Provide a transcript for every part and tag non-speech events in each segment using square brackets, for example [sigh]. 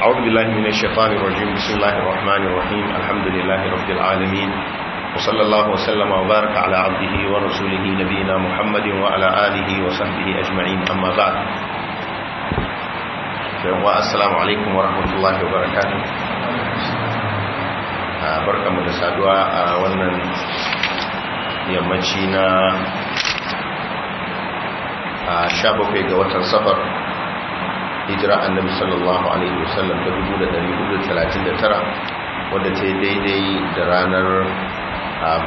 أعوذ بالله من الشيطان الرجيم بسم الله الرحمن الرحيم الحمد لله رب العالمين وصلى الله وسلم وبارك على عبده ورسوله نبينا محمد وعلى آله وصحبه أجمعين أما بعد السلام عليكم ورحمة الله وبركاته آه، بركة من مدسادوا ونن يمجينا 17 ga watan safar hijira annabi sallallahu alaihi wasallam ta 1439 wadda ta yi daidai da ranar 7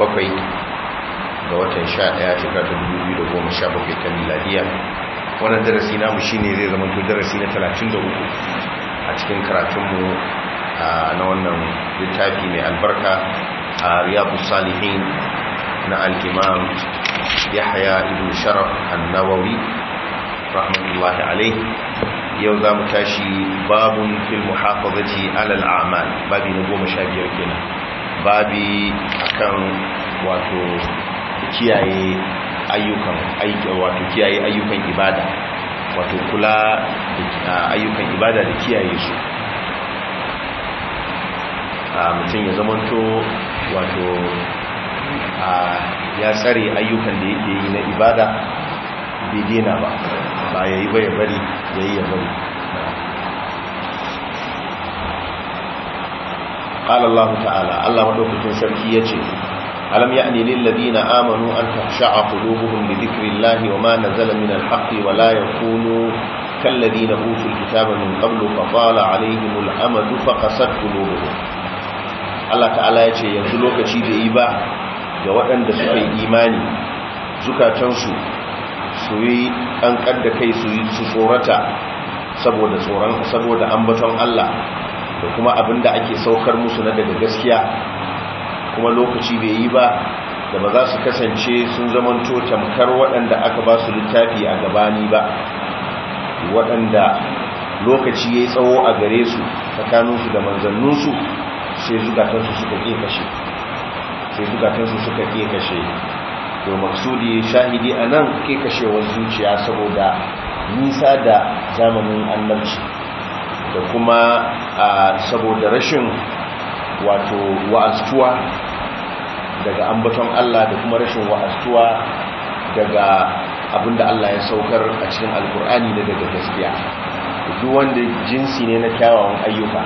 ga watan 11 shekara 2017 ta miladiya wannan darasi namu shine zai zama darasi na 33 a cikin karatunmu na wannan littafi mai albarka a riyadus salihin na al-imam yahya ibn sharaf an-nawawi rahmatullahi alaihi yau za mu tashi babun fil muhafazati alal a'mal babi na goma sha biyar kenan babi akan wato kiyaye ayyukan aiki wato kiyaye ayyukan ibada wato kula da ah, ayyukan ibada da kiyaye su a ah, mutum ya zamanto wato ah, ya tsare ayyukan da yake yi na ibada bai daina ba ba ya yi bai bari ya yi ya bari ƙala ta'ala Allah maɗaukacin sarki ya ce alam ya anilin ladina amanu an tafsha a kuluhun da wa ma na zalamin alhaƙi wa la kuno kan ladina hutu kitabar min ƙablu fa fala alaihi mul'amadu fa Allah ta'ala ya ce yanzu lokaci da yi ba ga waɗanda suka yi imani zukatansu su yi an da kai su yi su tsorata saboda tsoron saboda ambaton Allah da kuma abin da ake saukar musu na daga gaskiya kuma lokaci bai yi ba da ba za su kasance sun zamanto tamkar waɗanda aka ba su littafi a gabani ba waɗanda lokaci ya yi tsawo a gare su tsakaninsu da manzanninsu sai zukatansu suka ƙe suka ƙe kashe to maksudi shahidi a nan kekashewar zuciya saboda nisa da zamanin annabci da kuma saboda rashin wato wa'astuwa daga ambaton Allah da kuma rashin wa'astuwa daga abinda Allah ya saukar a cikin alkur'ani da daga gaskiya duk wanda jinsi ne na kyawawan ayyuka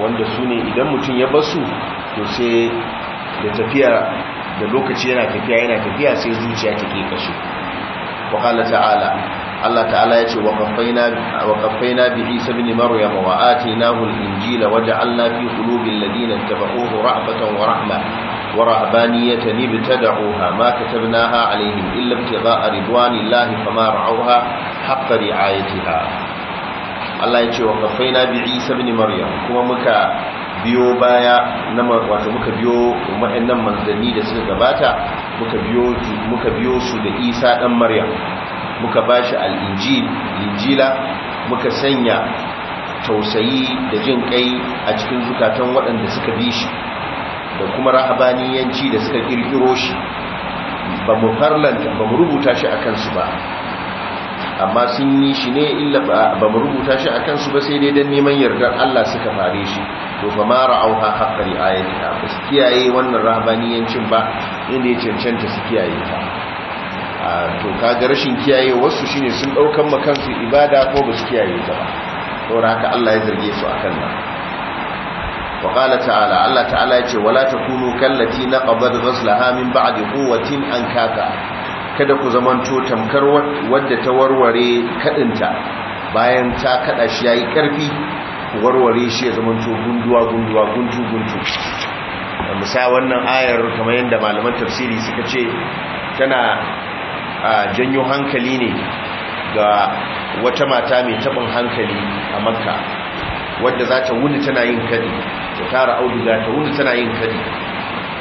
wanda su ne idan mutum ya basu to sai da tafiya da lokaci yana tafiya yana tafiya sai zuciya ta ke kashe wa qala ta'ala Allah ta'ala yace wa qaffayna wa qaffayna bi Isa ibn Maryam wa atainahu al-injila wa ja'alna fi qulubi alladhina ittaba'uhu ra'batan wa rahma wa rahbaniyatan ibtada'uha ma katabnaha 'alayhim illa ibtigha'a ridwanillahi fama ra'awha haqqa ri'ayatiha Allah yace wa qaffayna bi Isa ibn Maryam kuma muka biyo baya wato muka biyo waɗannan manzanni da suka gabata muka biyo su da Isa dan Maryam muka ba shi injil muka sanya tausayi da jin kai a cikin zukatan waɗanda suka bi shi da kuma rahabaniyanci da suka kirkiro shi ba mu rubuta shi a kansu ba amma sun yi shi ne illa ba mu rubuta shi a kansu ba sai dai don neman yardar Allah suka fare shi to fa ma ra'auha haqqari ta ba su kiyaye wannan rahbaniyancin ba inda ya cancanta su kiyaye ta to ka ga rashin kiyaye wasu shine sun ɗaukan ma ibada ko ba su kiyaye ta ba to haka Allah ya zarge su akan nan wa ta'ala Allah ta'ala ya ce wala takunu kallati naqadat ghaslaha min ba'di quwwatin ankaka kada ku zamanto tamkar wadda ta warware kadinta bayan ta kada shi yayi karfi ku warware shi ya zamanto gunduwa gunduwa guntu guntu musa wannan ayar kamar yadda malaman tafsiri suka ce tana janyo hankali ne ga wata mata mai tabin hankali a makka wadda za ta wuni tana yin kadi ta tara auduga ta wuni tana yin kadi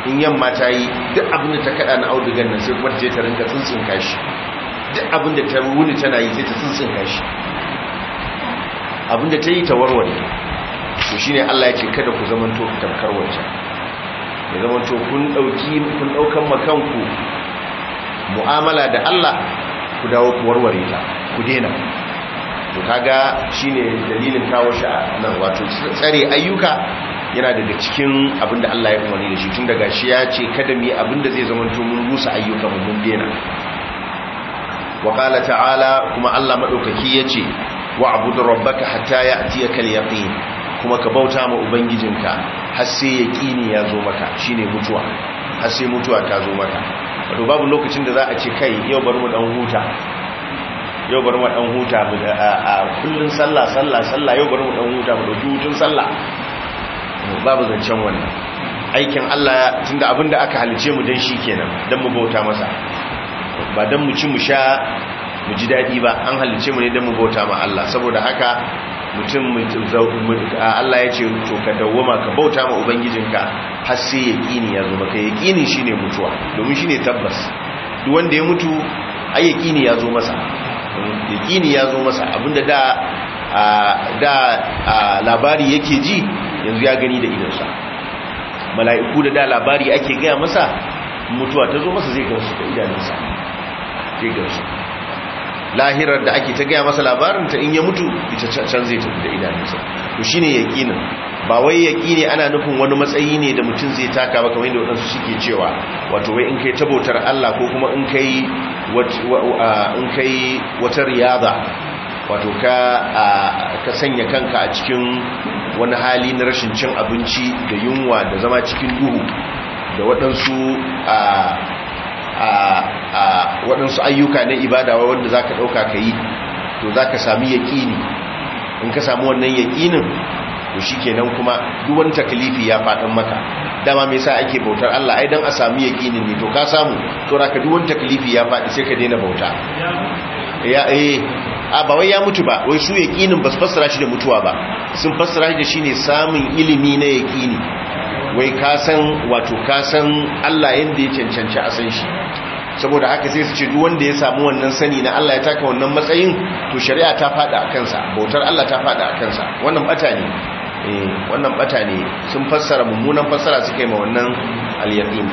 in yamma ta yi duk abin da ta kada na audugan nan sai kuma ta je ta rinka tsuntsun kashi duk abin da ta wuni tana yi sai ta tsuntsun kashi abin da ta yi ta warware to shine Allah ya ce kada ku zaman to tamkar wancan ya zaman to kun dauki kun daukan makanku mu'amala da Allah ku dawo ku warware ta ku dena to kaga shine dalilin kawo shi nan wato tsare ayyuka yana daga cikin abin da Allah ya umarni da shi tun daga shi ya ce kada mu yi abin da zai zama mun rusa ayyuka mu mun dena wa qala ta'ala kuma Allah madaukaki yace wa abudu rabbaka hatta ya'tiyaka al-yaqin kuma ka bauta ma ubangijinka har sai yaqini ya zo maka shine mutuwa har sai mutuwa ta zo maka wato babu lokacin da za a ce kai yau bar mu dan huta yau bar mu dan huta mu a kullun sallah sallah sallah yau bar mu dan huta mu dauki hutun sallah babu zancen wannan aikin Allah tun abin da aka halice mu dan shi kenan dan mu bauta masa ba dan mu ci mu sha mu ji dadi ba an halice mu ne dan mu bauta ma Allah saboda haka mutum Allah ya ce to ka dawoma ka bauta ma ubangijinka har sai yaqini ya zo maka yaqini shine mutuwa domin shine tabbas duk wanda ya mutu ai ya zo masa yaqini ya zo masa abinda da da labari yake ji yanzu ya gani da idansa mala'iku da da labari ake gaya masa mutuwa ta zo masa zai gansu da idanunsa zai gansu lahirar da ake ta gaya masa labarin ta in ya mutu ita can zai tafi da idanunsa to shine yaqinin ba wai yaqini ana nufin wani matsayi ne da mutum zai taka ba kamar yadda wadansu suke cewa wato wai in kai tabotar Allah ko kuma in kai in kai wata riyaza wato ka ka sanya kanka a cikin wani hali na rashin cin abinci da yunwa da zama cikin duhu da waɗansu a a a waɗansu ayyuka na ibada wanda za ka ɗauka ka yi to za ka sami yaƙini in ka sami wannan yaƙinin to shi kenan kuma duk wani takalifi ya faɗin maka dama mai sa ake bautar Allah ai don a sami yaƙinin ne to ka samu to raka duk wani takalifi ya faɗi sai ka daina bauta ya eh a ba wai ya mutu ba wai su yaqinin ba su fassara shi da mutuwa ba sun fassara shi da shine samun ilimi na yaqini wai ka san wato ka san Allah yanda ya cancanci a san shi saboda haka sai su ce duk wanda ya samu wannan sani na Allah ya taka wannan matsayin to shari'a ta fada a kansa bautar Allah ta fada a kansa wannan bata ne eh wannan bata ne sun fassara mummunan fassara suka yi ma wannan al-yaqin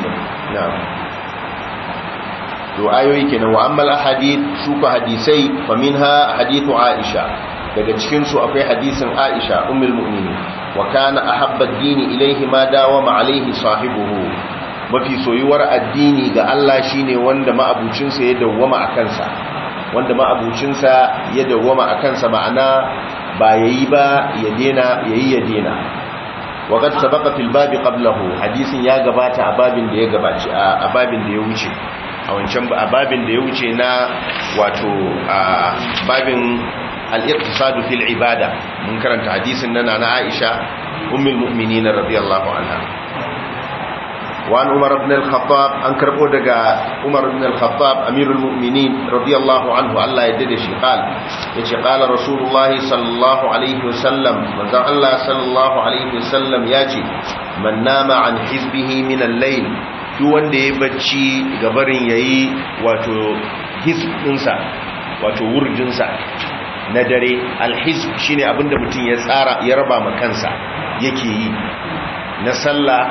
na'am to ayoyi kenan wa ammal ahadith su ka hadisai fa minha hadithu aisha daga cikin su akwai hadisin aisha ummul mu'minin wa kana ahabba ad-dini ilayhi ma ma alayhi sahibuhu mafi soyuwar addini ga Allah shine wanda ma'abucinsa ya dawwama a sa, wanda ma'abucinsa ya dawwama a sa ma'ana ba yayi ba ya dena yayi ya dena وقد سبق في الباب قبله حديث يا غباتا a babin da ya wuce a wancan ba a babin da ya wuce na wato ababin babin al’irtisadu fil ibada mun karanta hadisin nana na aisha umar mu'mini na radiyallahu anha wa'an umar ibn al-khattab an karbo daga umar ibn al-khattab amirul mu'minin radiyallahu anhu Allah ya dade shi qal ya ce qala rasulullahi sallallahu alaihi wasallam manzo Allah sallallahu alaihi wasallam ya ce man nama an hizbihi min al-layl duk wanda ya bacci gabarin yayi wato hisb dinsa wato wurdinsa na dare alhisb shine abinda mutum ya tsara ya raba ma kansa yake yi na sallah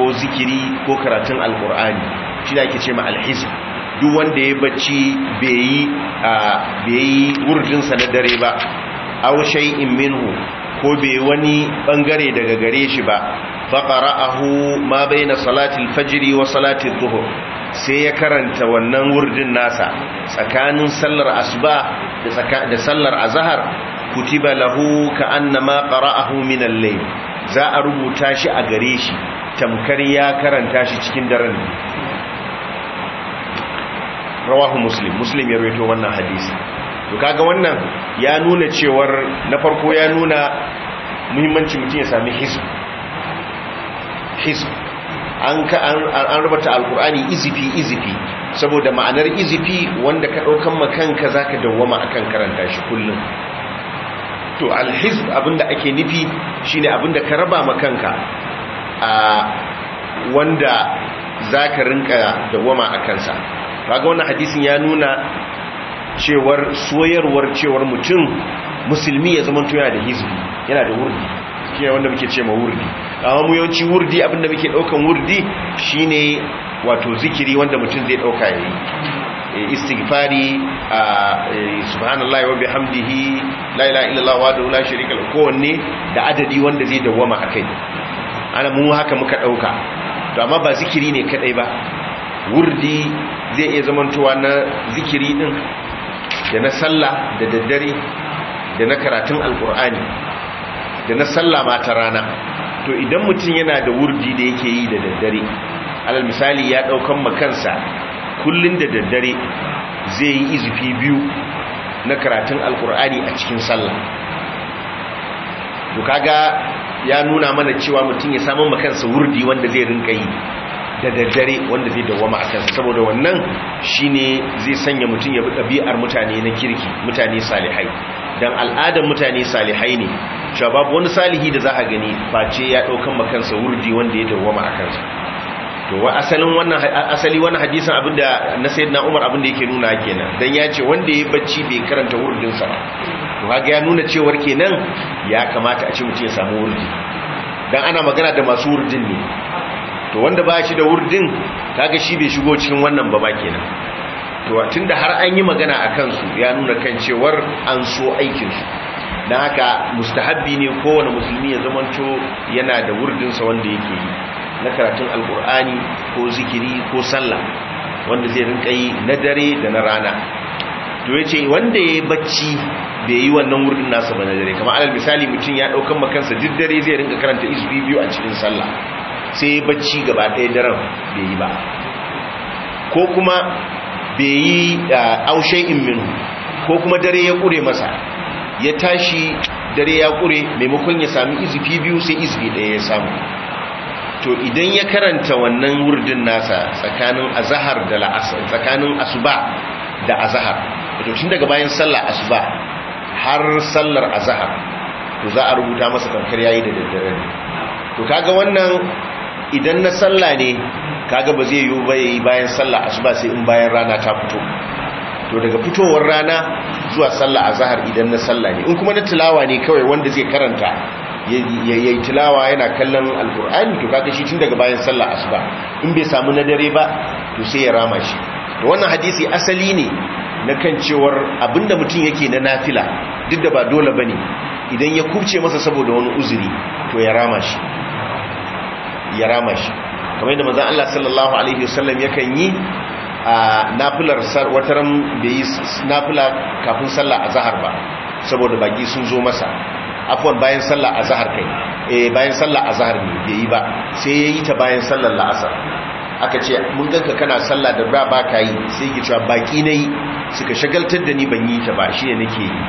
ko zikiri ko karatun alkur'ani shi da ake ce ma alhisb duk wanda ya bacci bai yi wurjinsa na dare ba aw shay'in minhu ko bai wani bangare daga gare shi ba faqara'ahu ma baina salati al-fajr wa salati adh sai ya karanta wannan wurdin nasa tsakanin sallar asuba da sallar azhar kutiba lahu ka'annama qara'ahu min al-layl za a rubuta shi a gare shi tamkar ya karanta shi cikin daren rawahu muslim muslim ya rawaito wannan hadisi to kaga wannan ya nuna cewar na farko ya nuna muhimmancin mutum ya sami hisbi. Hizb an an rubuta alkur'ani izifi izifi saboda ma'anar izifi wanda ka daukan makanka zaka dawwama akan karanta shi kullum to alhizb abinda ake nufi shine abinda ka raba makanka a wanda zaka rinka dawwama akan sa kaga wannan hadisin ya nuna cewar soyarwar cewar mutum musulmi ya zama to yana da hizbi yana da wurdi shi wanda muke ce ma wurdi amma mu yawanci wurdi abinda muke daukan wurdi shine wato zikiri wanda mutum zai dauka yayi eh, istighfari eh, subhanallahi wa bihamdihi la ilaha illallah wa la sharika lahu kowanne da adadi wanda zai dawwama akai ana mu haka muka dauka to amma ba zikiri ne kadai ba wurdi zai iya zamantowa na zikiri din da na sallah da daddare da na karatun alkur'ani da na sallah ma ta rana to idan mutum yana da wurdi da yake yi da daddare alal misali ya daukan makansa kullun da daddare zai yi izufi biyu na karatun alkur'ani a cikin sallah to kaga ya nuna mana cewa mutum ya samu kansa wurdi wanda zai rinka yi da daddare wanda zai dawama a kansa saboda wannan ne zai sanya mutum ya bi ɗabi'ar mutane na kirki mutane salihai don al'adar mutane salihai ne cewa babu wani salihi da za a gani ba ce ya ɗaukan makansa wurdi wanda ya dawama a kansa to wa asalin wannan asali wannan hadisin abinda na sayyidina Umar abinda yake nuna kenan dan ya ce wanda yayi bacci bai karanta wurdin sa to kaga ya nuna cewar kenan ya kamata a ce mutum ya samu wurdi dan ana magana da masu wurdin ne to wanda ba shi da wurdin kaga shi bai shigo cikin wannan ba ba kenan to tunda har an yi magana a kansu ya nuna kan cewar an so aikinsu don haka mustahabbi ne kowane musulmi ya zamanto yana da wurdinsa wanda yake yi na karatun alkur'ani ko zikiri ko sallah wanda zai rinka yi na dare da na rana to ya ce wanda ya yi bacci bai yi wannan wurin nasa ba na dare kamar alal misali mutum ya ɗaukan makansa duk dare zai rinka karanta isbi biyu a cikin sallah sai bacci gaba ɗaya daren bai yi ba ko kuma bai yi aushen immin ko kuma dare ya ƙure masa ya tashi dare ya ƙure maimakon ya sami izifi biyu sai izifi ɗaya ya samu to idan ya karanta wannan wurdin nasa tsakanin azahar da la'asar tsakanin asuba da azahar to tun daga bayan sallar asuba har sallar azahar to za a rubuta masa kankar yayi da daddare to kaga wannan idan na sallah ne kaga ba zai yiwu ba yayi bayan sallah asuba sai in bayan rana ta fito to daga fitowar rana zuwa sallah azhar idan na salla ne in kuma na tilawa ne kawai wanda zai karanta yayi tilawa yana kallon alqur'ani to kaga shi tun daga bayan sallah asuba in bai samu na dare ba to sai ya rama shi to wannan hadisi asali ne na kan cewar abinda mutum yake na nafila duk da ba dole bane idan ya kubce masa saboda wani uzuri to ya rama shi ya rama shi kamar yadda manzon Allah sallallahu alaihi wasallam yakan yi a nafilar wataran da yi nafila kafin sallah azhar ba saboda baki sun zo masa afwan bayan sallah azhar kai eh bayan sallah azhar ne bai yi ba sai yayi ta bayan sallar la'asar aka ce mun ganka kana sallah da ba ka yi sai ki cewa baki yi suka shagaltar da ni ban yi ta ba shi ne nake yi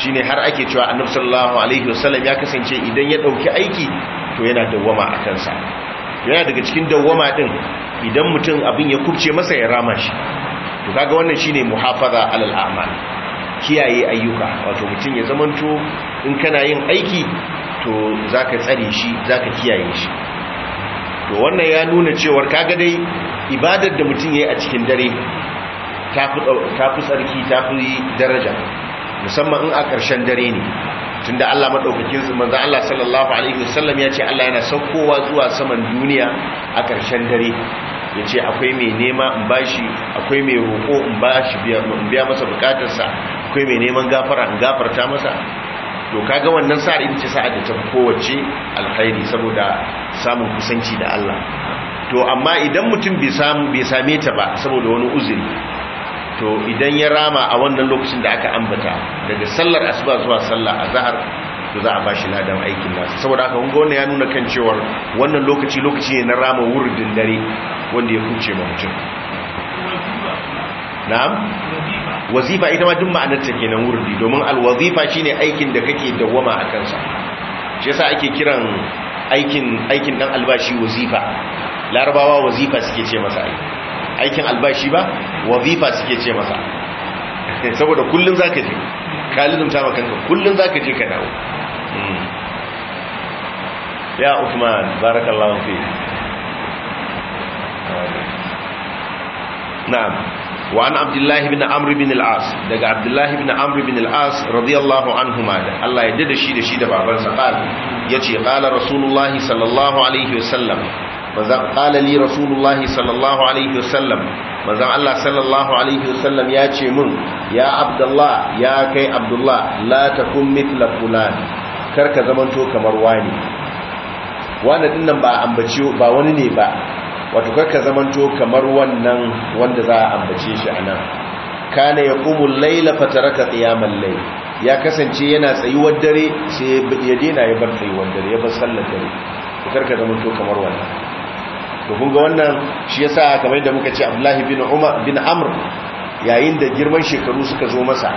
shine har ake cewa annabi sallallahu alaihi wasallam ya kasance idan ya dauki aiki to yana dawwama a kansa yana daga cikin dawwama din idan mutum abin ya kubce masa ya rama shi to kaga wannan shine muhafaza alal a'mal kiyaye ayyuka wato mutum ya zamanto in kana yin aiki to zaka tsare shi zaka kiyaye shi to wannan ya nuna cewa kaga dai ibadar da mutum yayi a cikin dare ta tafi tsarki tafi daraja musamman in a ƙarshen dare ne tunda Allah su manzan Allah sallallahu alaihi wasallam ya ce Allah yana saukowa zuwa saman duniya a ƙarshen dare ya ce akwai mai nema in bashi akwai mai roƙo in shi biya masa bukatarsa akwai mai neman gafara in gafarta masa to kaga wannan sa'ar ita ce sa'ar da ta kowace alkhairi saboda samun kusanci da Allah to amma idan mutum bai same ta ba saboda wani uzuri to idan ya rama a wannan lokacin da aka ambata daga sallar asuba zuwa sallar azhar to za a bashi ladan aikin nasa saboda haka kun ga wannan ya nuna kan cewa wannan lokaci lokaci ne na rama wurdin dare wanda ya kuce ma mutum na'am wazifa ita ma duk ma'anar ta kenan wurdi domin alwazifa shine aikin da kake dawama a kansa shi yasa ake kiran aikin aikin dan albashi wazifa larabawa wazifa suke ce masa aiki aikin albashi ba wazifa suke ce masa [laughs] saboda kullum za ka je ka ta makanka kanka kullum za ka je ka dawo hmm. ya usman barakallahu fi na'am wa an abdullahi bin amr bin al-as daga abdullahi bin amr bin al-as radiyallahu anhuma da Allah ya dade shi da shi da babansa qala yace qala rasulullahi sallallahu alaihi wasallam manzan ƙalali rasulullahi sallallahu alaihi wasallam manzan Allah sallallahu alaihi wasallam ya ce mun ya abdullah ya kai abdullah la takun mithla fulan karka zamanto kamar wani wani dinnan ba ambaci ba wani ne ba wato karka zamanto kamar wannan wanda za a ambace shi anan kana yaqumul layla fataraka qiyamal layl ya kasance yana tsayuwar dare sai ya dena ya bar tsayuwar dare ya bar sallar dare karka zamanto kamar wannan to kun ga wannan shi yasa kamar yadda muka ce Abdullahi bin Umar bin Amr yayin da girman shekaru suka zo masa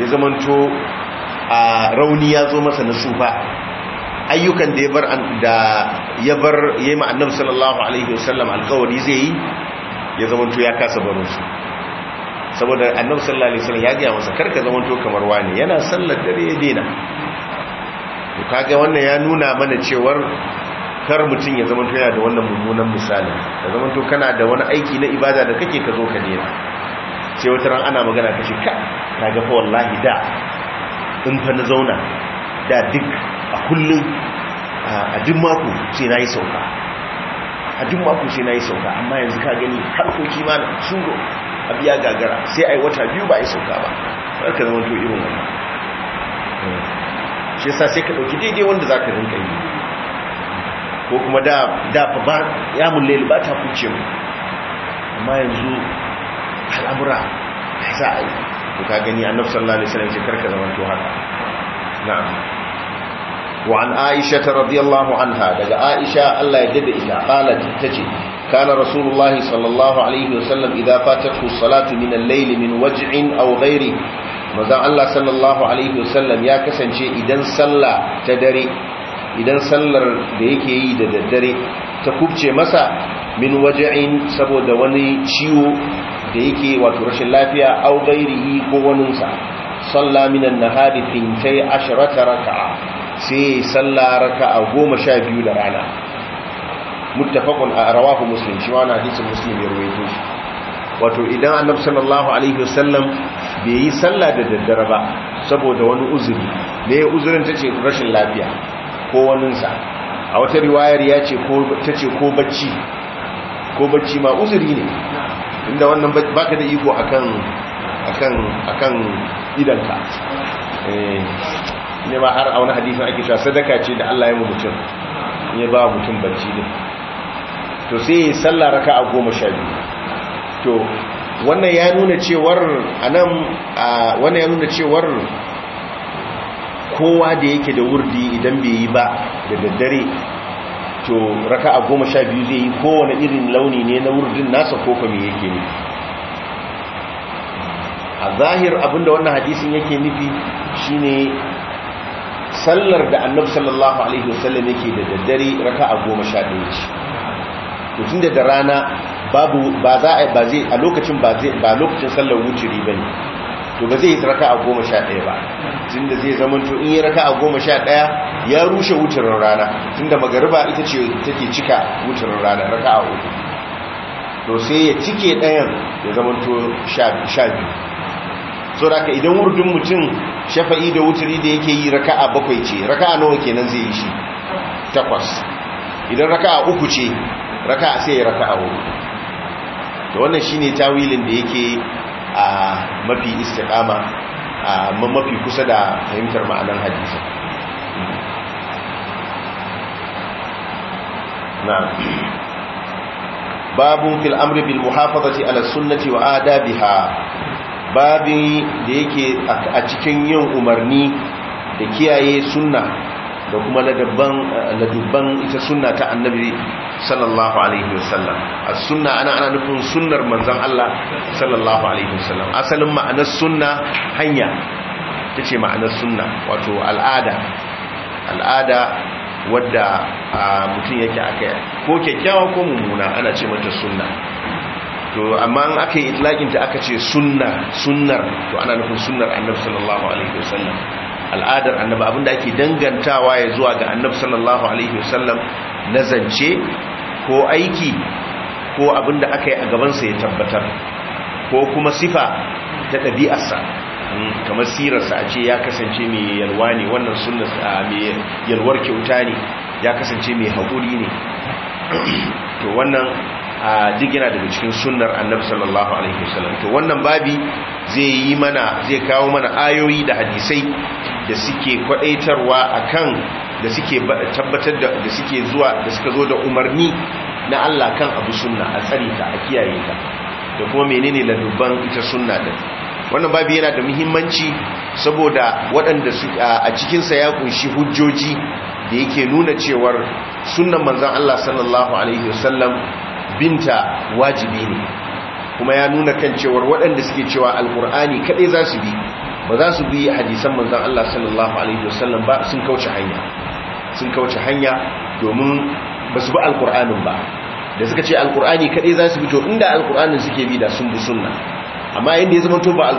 ya zamanto a rauni ya zo masa na sufa ayyukan da ya bar da ya bar yayi Annabi sallallahu alaihi wasallam alƙawari zai yi ya zamanto ya kasa barin su saboda Annabi sallallahu alaihi wasallam ya ga masa karka zamanto kamar wani yana sallar dare ya dena to kaga wannan ya nuna mana cewar kar mutum ya zama yana da wannan mummunan misali da zama to kana da wani aiki na ibada da kake ka zo ka dena sai wata ran ana magana kashe ka ta fa wallahi da in fa na zauna da duk a kullum a duk mako sai yi sauka a duk mako sai yi sauka amma yanzu ka gani harkoki ma na shugo a biya gagara sai yi wata biyu ba yi sauka ba sai ka zama to irin wannan shi yasa sai ka dauki daidai wanda za ka rinka yi ko kuma da da ba ya mulle ba ta kuce mu amma yanzu al'amura ka sa to ka gani annabi sallallahu alaihi wasallam ya to haka na'am wa an aisha anha daga aisha Allah ya dade ita qalat tace kana rasulullah sallallahu alaihi wasallam idza fatatuhu salatu min al-layl min waj'in aw ghairi Allah sallallahu alaihi wasallam ya kasance idan sallah ta dare idan sallar da yake yi da daddare ta kubce masa min waje'in saboda wani ciwo da yake wato rashin lafiya au gairihi ko waninsa salla minan nahari fintai ashirata raka'a sai salla raka'a goma sha biyu da rana muttafaqun a rawahu muslim shi wani hadisin muslim ya rawaito shi wato idan annab sallallahu alaihi wasallam bai yi sallah da daddare ba saboda wani uzuri ne uzurin tace rashin lafiya ko waninsa a wata riwayar ya ce ta ce ko bacci ko bacci ma uzuri ne inda wannan baka da iko akan akan akan idanka eh, ne ba har a wani hadisin ake sa sadaka ce da Allah ya mu mutum ya ba mutum bacci din to sai ya salla raka'a goma sha biyu to wannan ya nuna cewar anan wannan ya nuna cewar kowa da yake da wurdi idan bai yi ba da daddare to raka a goma sha biyu zai yi kowane irin launi ne na wurdin nasa ko mai yake ne a zahir abinda wannan hadisin yake nufi shine sallar da annabu sallallahu alaihi wasallam yake da daddare raka a goma sha biyu ce mutum da da rana ba za lokacin sallar wuce ba ne to ba zai yi raka'a goma sha ɗaya ba Tun da zai zama to in yi raka'a goma sha ɗaya ya rushe wutarin rana da magariba ita ce take cika wutarin rana raka'a uku to sai ya cike ɗayan ya zama to sha biyu so da idan wurdin mutum shafa'i da wuturi da yake yi raka'a bakwai ce raka'a nawa kenan zai yi shi takwas idan raka'a uku ce raka'a sai ya raka'a uku to wannan shine tawilin da yake a mafi istiqama a mafi kusa da fahimtar ma'anar hadisi Babu fil amri bil muhafazati ala sunnati wa adabiha babin da yake a cikin yin umarni da kiyaye sunna da kuma ladubban ita sunna ta annabi sallallahu alaihi wasallam a sunna ana ana nufin sunnar manzan Allah sallallahu alaihi wasallam asalin ma'anar sunna hanya ta ce ma'anar sunna wato al'ada al'ada wadda mutum yake a kai ko kyakkyawa ko mummuna ana ce mata sunna to amma an aka yi itlaƙinta aka ce sunna sunnar to ana nufin sunnar annabi sallallahu alaihi wasallam al'adar annabi abinda ake dangantawa ya zuwa ga annabi sallallahu alaihi wasallam na zance ko aiki ko abinda aka yi a gabansa ya tabbatar ko kuma sifa ta ɗabi'arsa hmm, kamar sirarsa a ce ya kasance mai yalwa ne wannan sunnas mai yalwar kyauta ne ya kasance mai haƙuri ne to wannan a duk yana daga cikin sunnar annabi sallallahu alaihi wasallam to wannan babi zai yi mana zai kawo mana ayoyi da hadisai da suke kwadaitarwa akan da suke tabbatar da da suke zuwa da suka zo da umarni na Allah kan abu sunna a tsare ta a kiyaye ta da kuma menene ladubban ita sunna da wannan babi yana da muhimmanci saboda waɗanda a cikinsa ya kunshi hujjoji da yake nuna cewar sunnan manzon Allah sallallahu alaihi wasallam binta wajibi ne kuma ya nuna kan cewar waɗanda suke cewa alkur'ani kaɗai za su bi ba za su bi hadisan manzan Allah sallallahu alaihi wasallam ba sun kauce hanya sun kauce hanya domin ba su bi alkur'anin ba da suka ce alkur'ani kaɗai za su bi to inda alkur'anin suke bi da sun bi sunna amma yadda ya zama to ba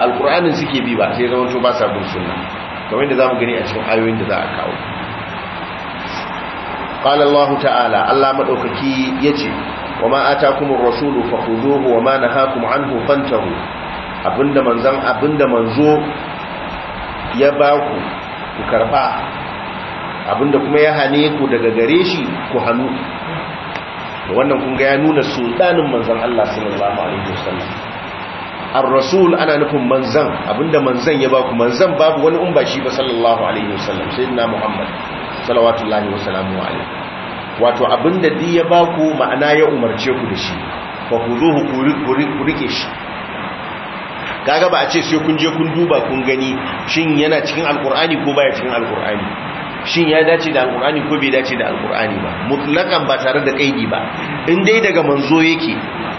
alkur'anin suke bi ba sai zama to ba sa bin sunna kamar yadda za mu gani a cikin ayoyin da za a kawo qala Allah ta'ala Allah madaukaki yace wama atakumur rasulu fakhuduhu wama nahakum anhu fantahu abinda manzan abinda manzo ya baku ku karba abinda kuma ya hane ku daga gare shi ku hanu wannan kun ga ya nuna sultanin manzan Allah sallallahu alaihi wasallam ar-rasul ana nufin manzan abinda manzan ya baku manzan babu wani umba shi ba sallallahu alaihi wasallam sayyidina muhammad salawatullahi wa alaihi wato abinda di ya baku ma'ana ya umarce ku da shi fa zo ku rike shi kaga ba a ce sai kun je kun duba kun gani shin yana cikin alkur'ani ko baya cikin alkur'ani shin ya dace da alkur'ani ko bai dace da alkur'ani ba mutlakan ba tare da kaidi ba in dai daga manzo yake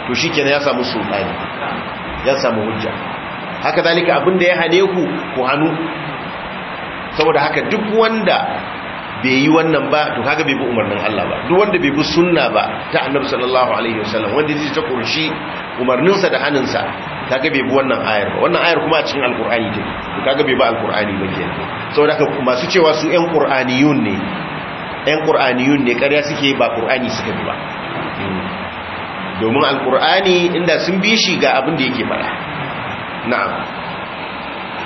to shikenan ya samu sultani ya samu hujja haka zalika abinda ya hane ku ku hanu saboda haka duk wanda bai yi wannan ba to kaga bai bi umarnin Allah ba duk wanda bai bi sunna ba ta annabi sallallahu alaihi wasallam wanda zai ta kurshi umarnin sa da hanin sa kaga bai bi wannan ayar ba wannan ayar kuma a cikin alqur'ani ce to kaga bai ba alqur'ani ba kenan saboda haka masu cewa su ƴan qur'aniyun ne ɗan qur'aniyun ne ƙarya suke ba qur'ani suke bi ba domin alqur'ani inda sun bi shi ga abin da yake fara na'am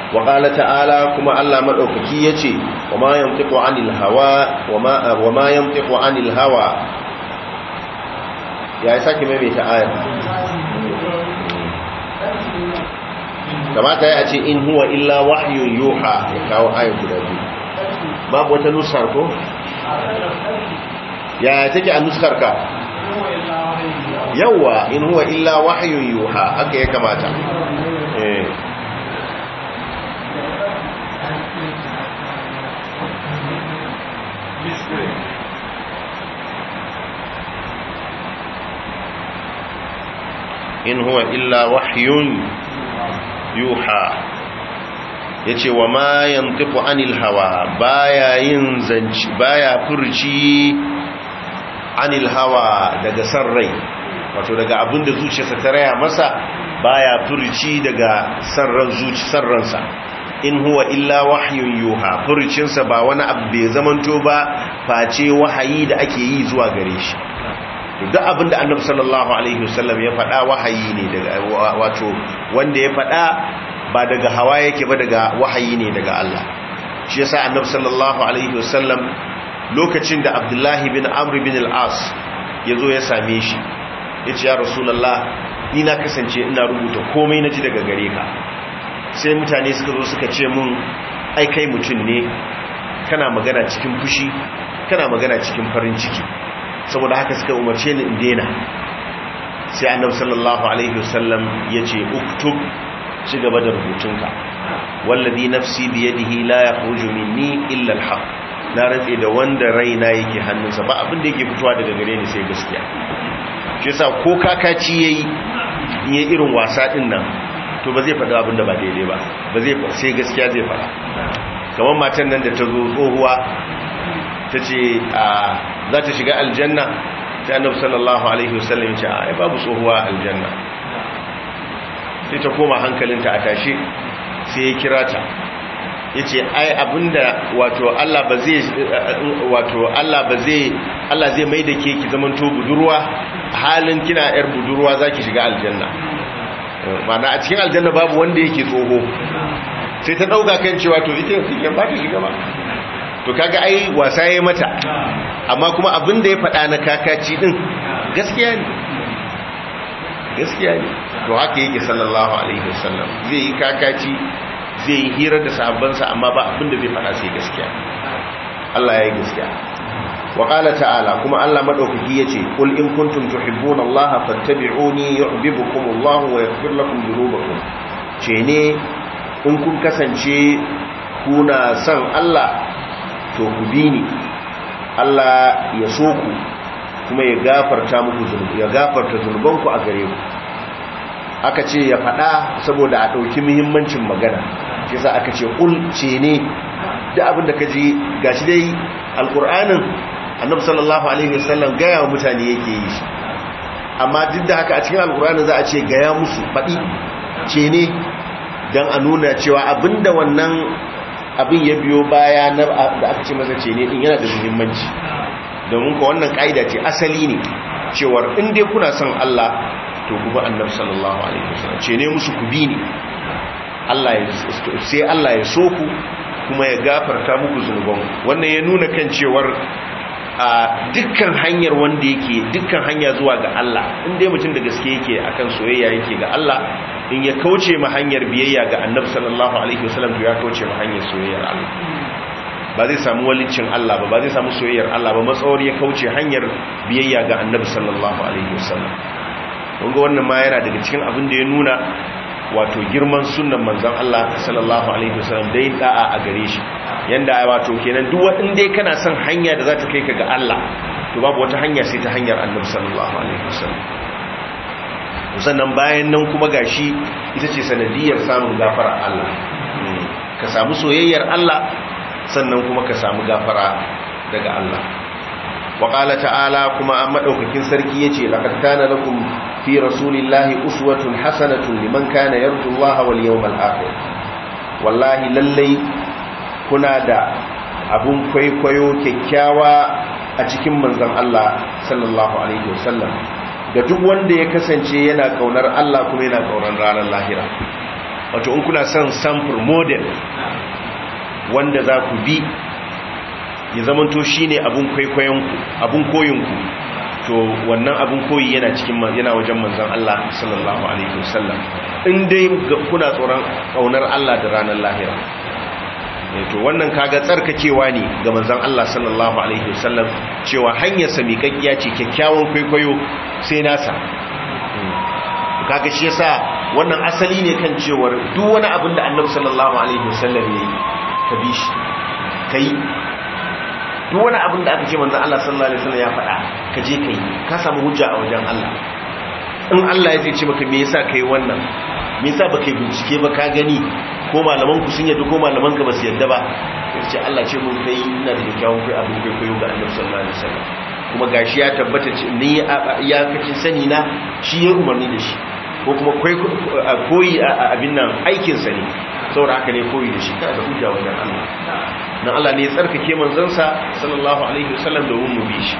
wa qala ta'ala kuma Allah madaukaki yace wa ma yantiqu anil hawa wa ma wa ma yantiqu anil hawa ya saki mai ta ayar kamata ya ce in huwa illa wahyun yuha ya kawo ayar guda biyu babu wata nuskar ko ya take a nuskar ka yawa in huwa illa wahyun yuha haka ya kamata eh in huwa illa wahyun yuha yace wa ma yantiqu anil hawa baya yin zanci baya furci anil hawa daga san rai wato daga abinda zuciyarsa ta raya masa baya furci daga san ran zuci san ransa in huwa illa wahyun yuha furcinsa ba wani abu bai zamanto ba face wahayi da ake yi zuwa gare shi duk abinda annabi sallallahu alaihi wasallam ya faɗa wahayi ne daga wato wanda ya faɗa ba daga hawa yake ba daga wahayi ne daga Allah shi yasa annabi sallallahu alaihi wasallam lokacin da abdullahi bin amr bin al-as yazo ya same shi yace ya rasulullah ni na kasance ina rubuta komai naji daga gare ka sai mutane suka zo suka ce mun ai kai mutum ne kana magana cikin fushi kana magana cikin farin ciki saboda haka suka umarce ni in daina sai annabi sallallahu alaihi wasallam yace uktub ci gaba da rubutunka wallazi nafsi yadihi la yakhruju minni illa alhaq na ratse da wanda raina yake hannunsa ba abin da yake fitowa daga gare ni sai gaskiya shi yasa ko kakaci yayi in irin wasa din nan to ba zai faɗi abin da ba daidai ba ba zai sai gaskiya zai faɗa kamar matan nan da ta zo tsohuwa ta ce za ta shiga aljanna ta annabu sallallahu alaihi wasallam ce ai babu tsohuwa aljanna sai ta koma hankalinta a tashi sai ya kira ta ya ce ai abinda wato Allah ba zai wato Allah ba zai Allah zai mai da ke ki to budurwa halin kina yar budurwa za ki shiga aljanna mana a cikin aljanna babu wanda yake tsoho sai ta dauka kan cewa to ita yake ba ta shiga ba to kaga ai wasa yayi mata amma kuma abin da ya faɗa na kakaci din gaskiya ne gaskiya ne to haka yake sallallahu alaihi wasallam zai yi kakaci zai yi hira da sahabbansa amma ba abin da zai faɗa sai gaskiya Allah ya yi gaskiya wa qala ta'ala kuma Allah madaukaki yace qul in kuntum tuhibbuna Allah fattabi'uni yuhibbukum Allah wa yaghfir lakum dhunubakum ce ne in kun kasance kuna san Allah to ku bi ni Allah ya so ku kuma ya gafarta muku zunubi ya gafarta zunubanku a gare ku aka ce ya faɗa saboda a ɗauki muhimmancin magana shi yasa aka ce ƙul ce ne da abin da ka ji gashi dai alƙur'anin annabi sallallahu alaihi wasallam ga wa mutane yake yi shi amma duk da haka a cikin alkur'ani za a ce gaya musu faɗi ce ne don a nuna cewa abinda wannan abin ya biyo baya na da aka ce masa ce ne din yana da muhimmanci domin ko wannan ka'ida ce asali ne cewar in dai kuna son Allah to kuma annabi sallallahu alaihi wasallam ce ne musu ku bi ne Allah ya sai Allah ya so ku kuma ya gafarta muku zunubanku wannan ya nuna kan cewar dukkan hanyar wanda yake dukkan hanya zuwa ga Allah in dai mutum da gaske yake akan soyayya yake ga Allah in ya kauce ma hanyar biyayya ga Annabi sallallahu alaihi wasallam to ya kauce ma hanyar soyayyar Allah ba zai samu walicin Allah ba ba zai samu soyayyar Allah ba matsawar ya kauce hanyar biyayya ga Annabi sallallahu alaihi wasallam kun ga wannan ma yana daga cikin abin da ya nuna wato girman sunnan manzon Allah sallallahu alaihi wasallam dai da'a a gare shi yanda wato kenan duk wani dai kana son hanya da za ta kai ka ga Allah to babu wata hanya sai ta hanyar Annabi sallallahu alaihi wasallam sannan bayan nan kuma gashi ita ce sanadiyar samun gafara Allah hmm. ka samu soyayyar Allah sannan kuma ka samu gafara daga Allah wa qala ta'ala kuma an madaukakin sarki yace laqad kana lakum fi rasulillahi uswatun hasanatun liman kana yarju Allah wal yawmal akhir wallahi lallai kuna da abun kwaikwayo kyakkyawa a cikin manzan Allah sallallahu alaihi wasallam ga duk wanda ya kasance yana kaunar Allah kuma yana kaunar ranar lahira wato in kuna son samfur model wanda za ku bi ya zamanto ne abun kwaikwayonku abun koyinku to wannan abun koyi yana cikin yana wajen manzan Allah sallallahu alaihi wasallam in dai kuna tsoron kaunar Allah da ranar lahira Eh, to wannan kaga tsarkakewa ne ga manzon Allah sallallahu alaihi wasallam cewa hanyar sa kakkiya ce kyakkyawan kwaikwayo sai nasa hmm. kaga shi yasa wannan asali ne kan cewar duk wani abin da Annabi sallallahu alaihi wasallam ya yi ka bi shi kai duk wani abin da aka ce manzon Allah sallallahu alaihi wasallam ya faɗa ka je kai ka samu hujja a wajen Allah in Allah ya ce maka me yasa kai wannan me yasa baka bincike ba ka gani ko malaman ku sun yadda ko malaman ka ba su yadda ba yace Allah ce mun kai ina da kyawun kai abin kai koyo ga Annabi sallallahu alaihi wasallam kuma gashi ya tabbata ce ni ya kace sani na shi ya umarni da shi ko kuma koyi abin nan aikin sa ne saboda haka ne koyi da shi ta da hujja wajen Allah na Allah ne ya tsarkake sa sallallahu alaihi wasallam domin mu bi shi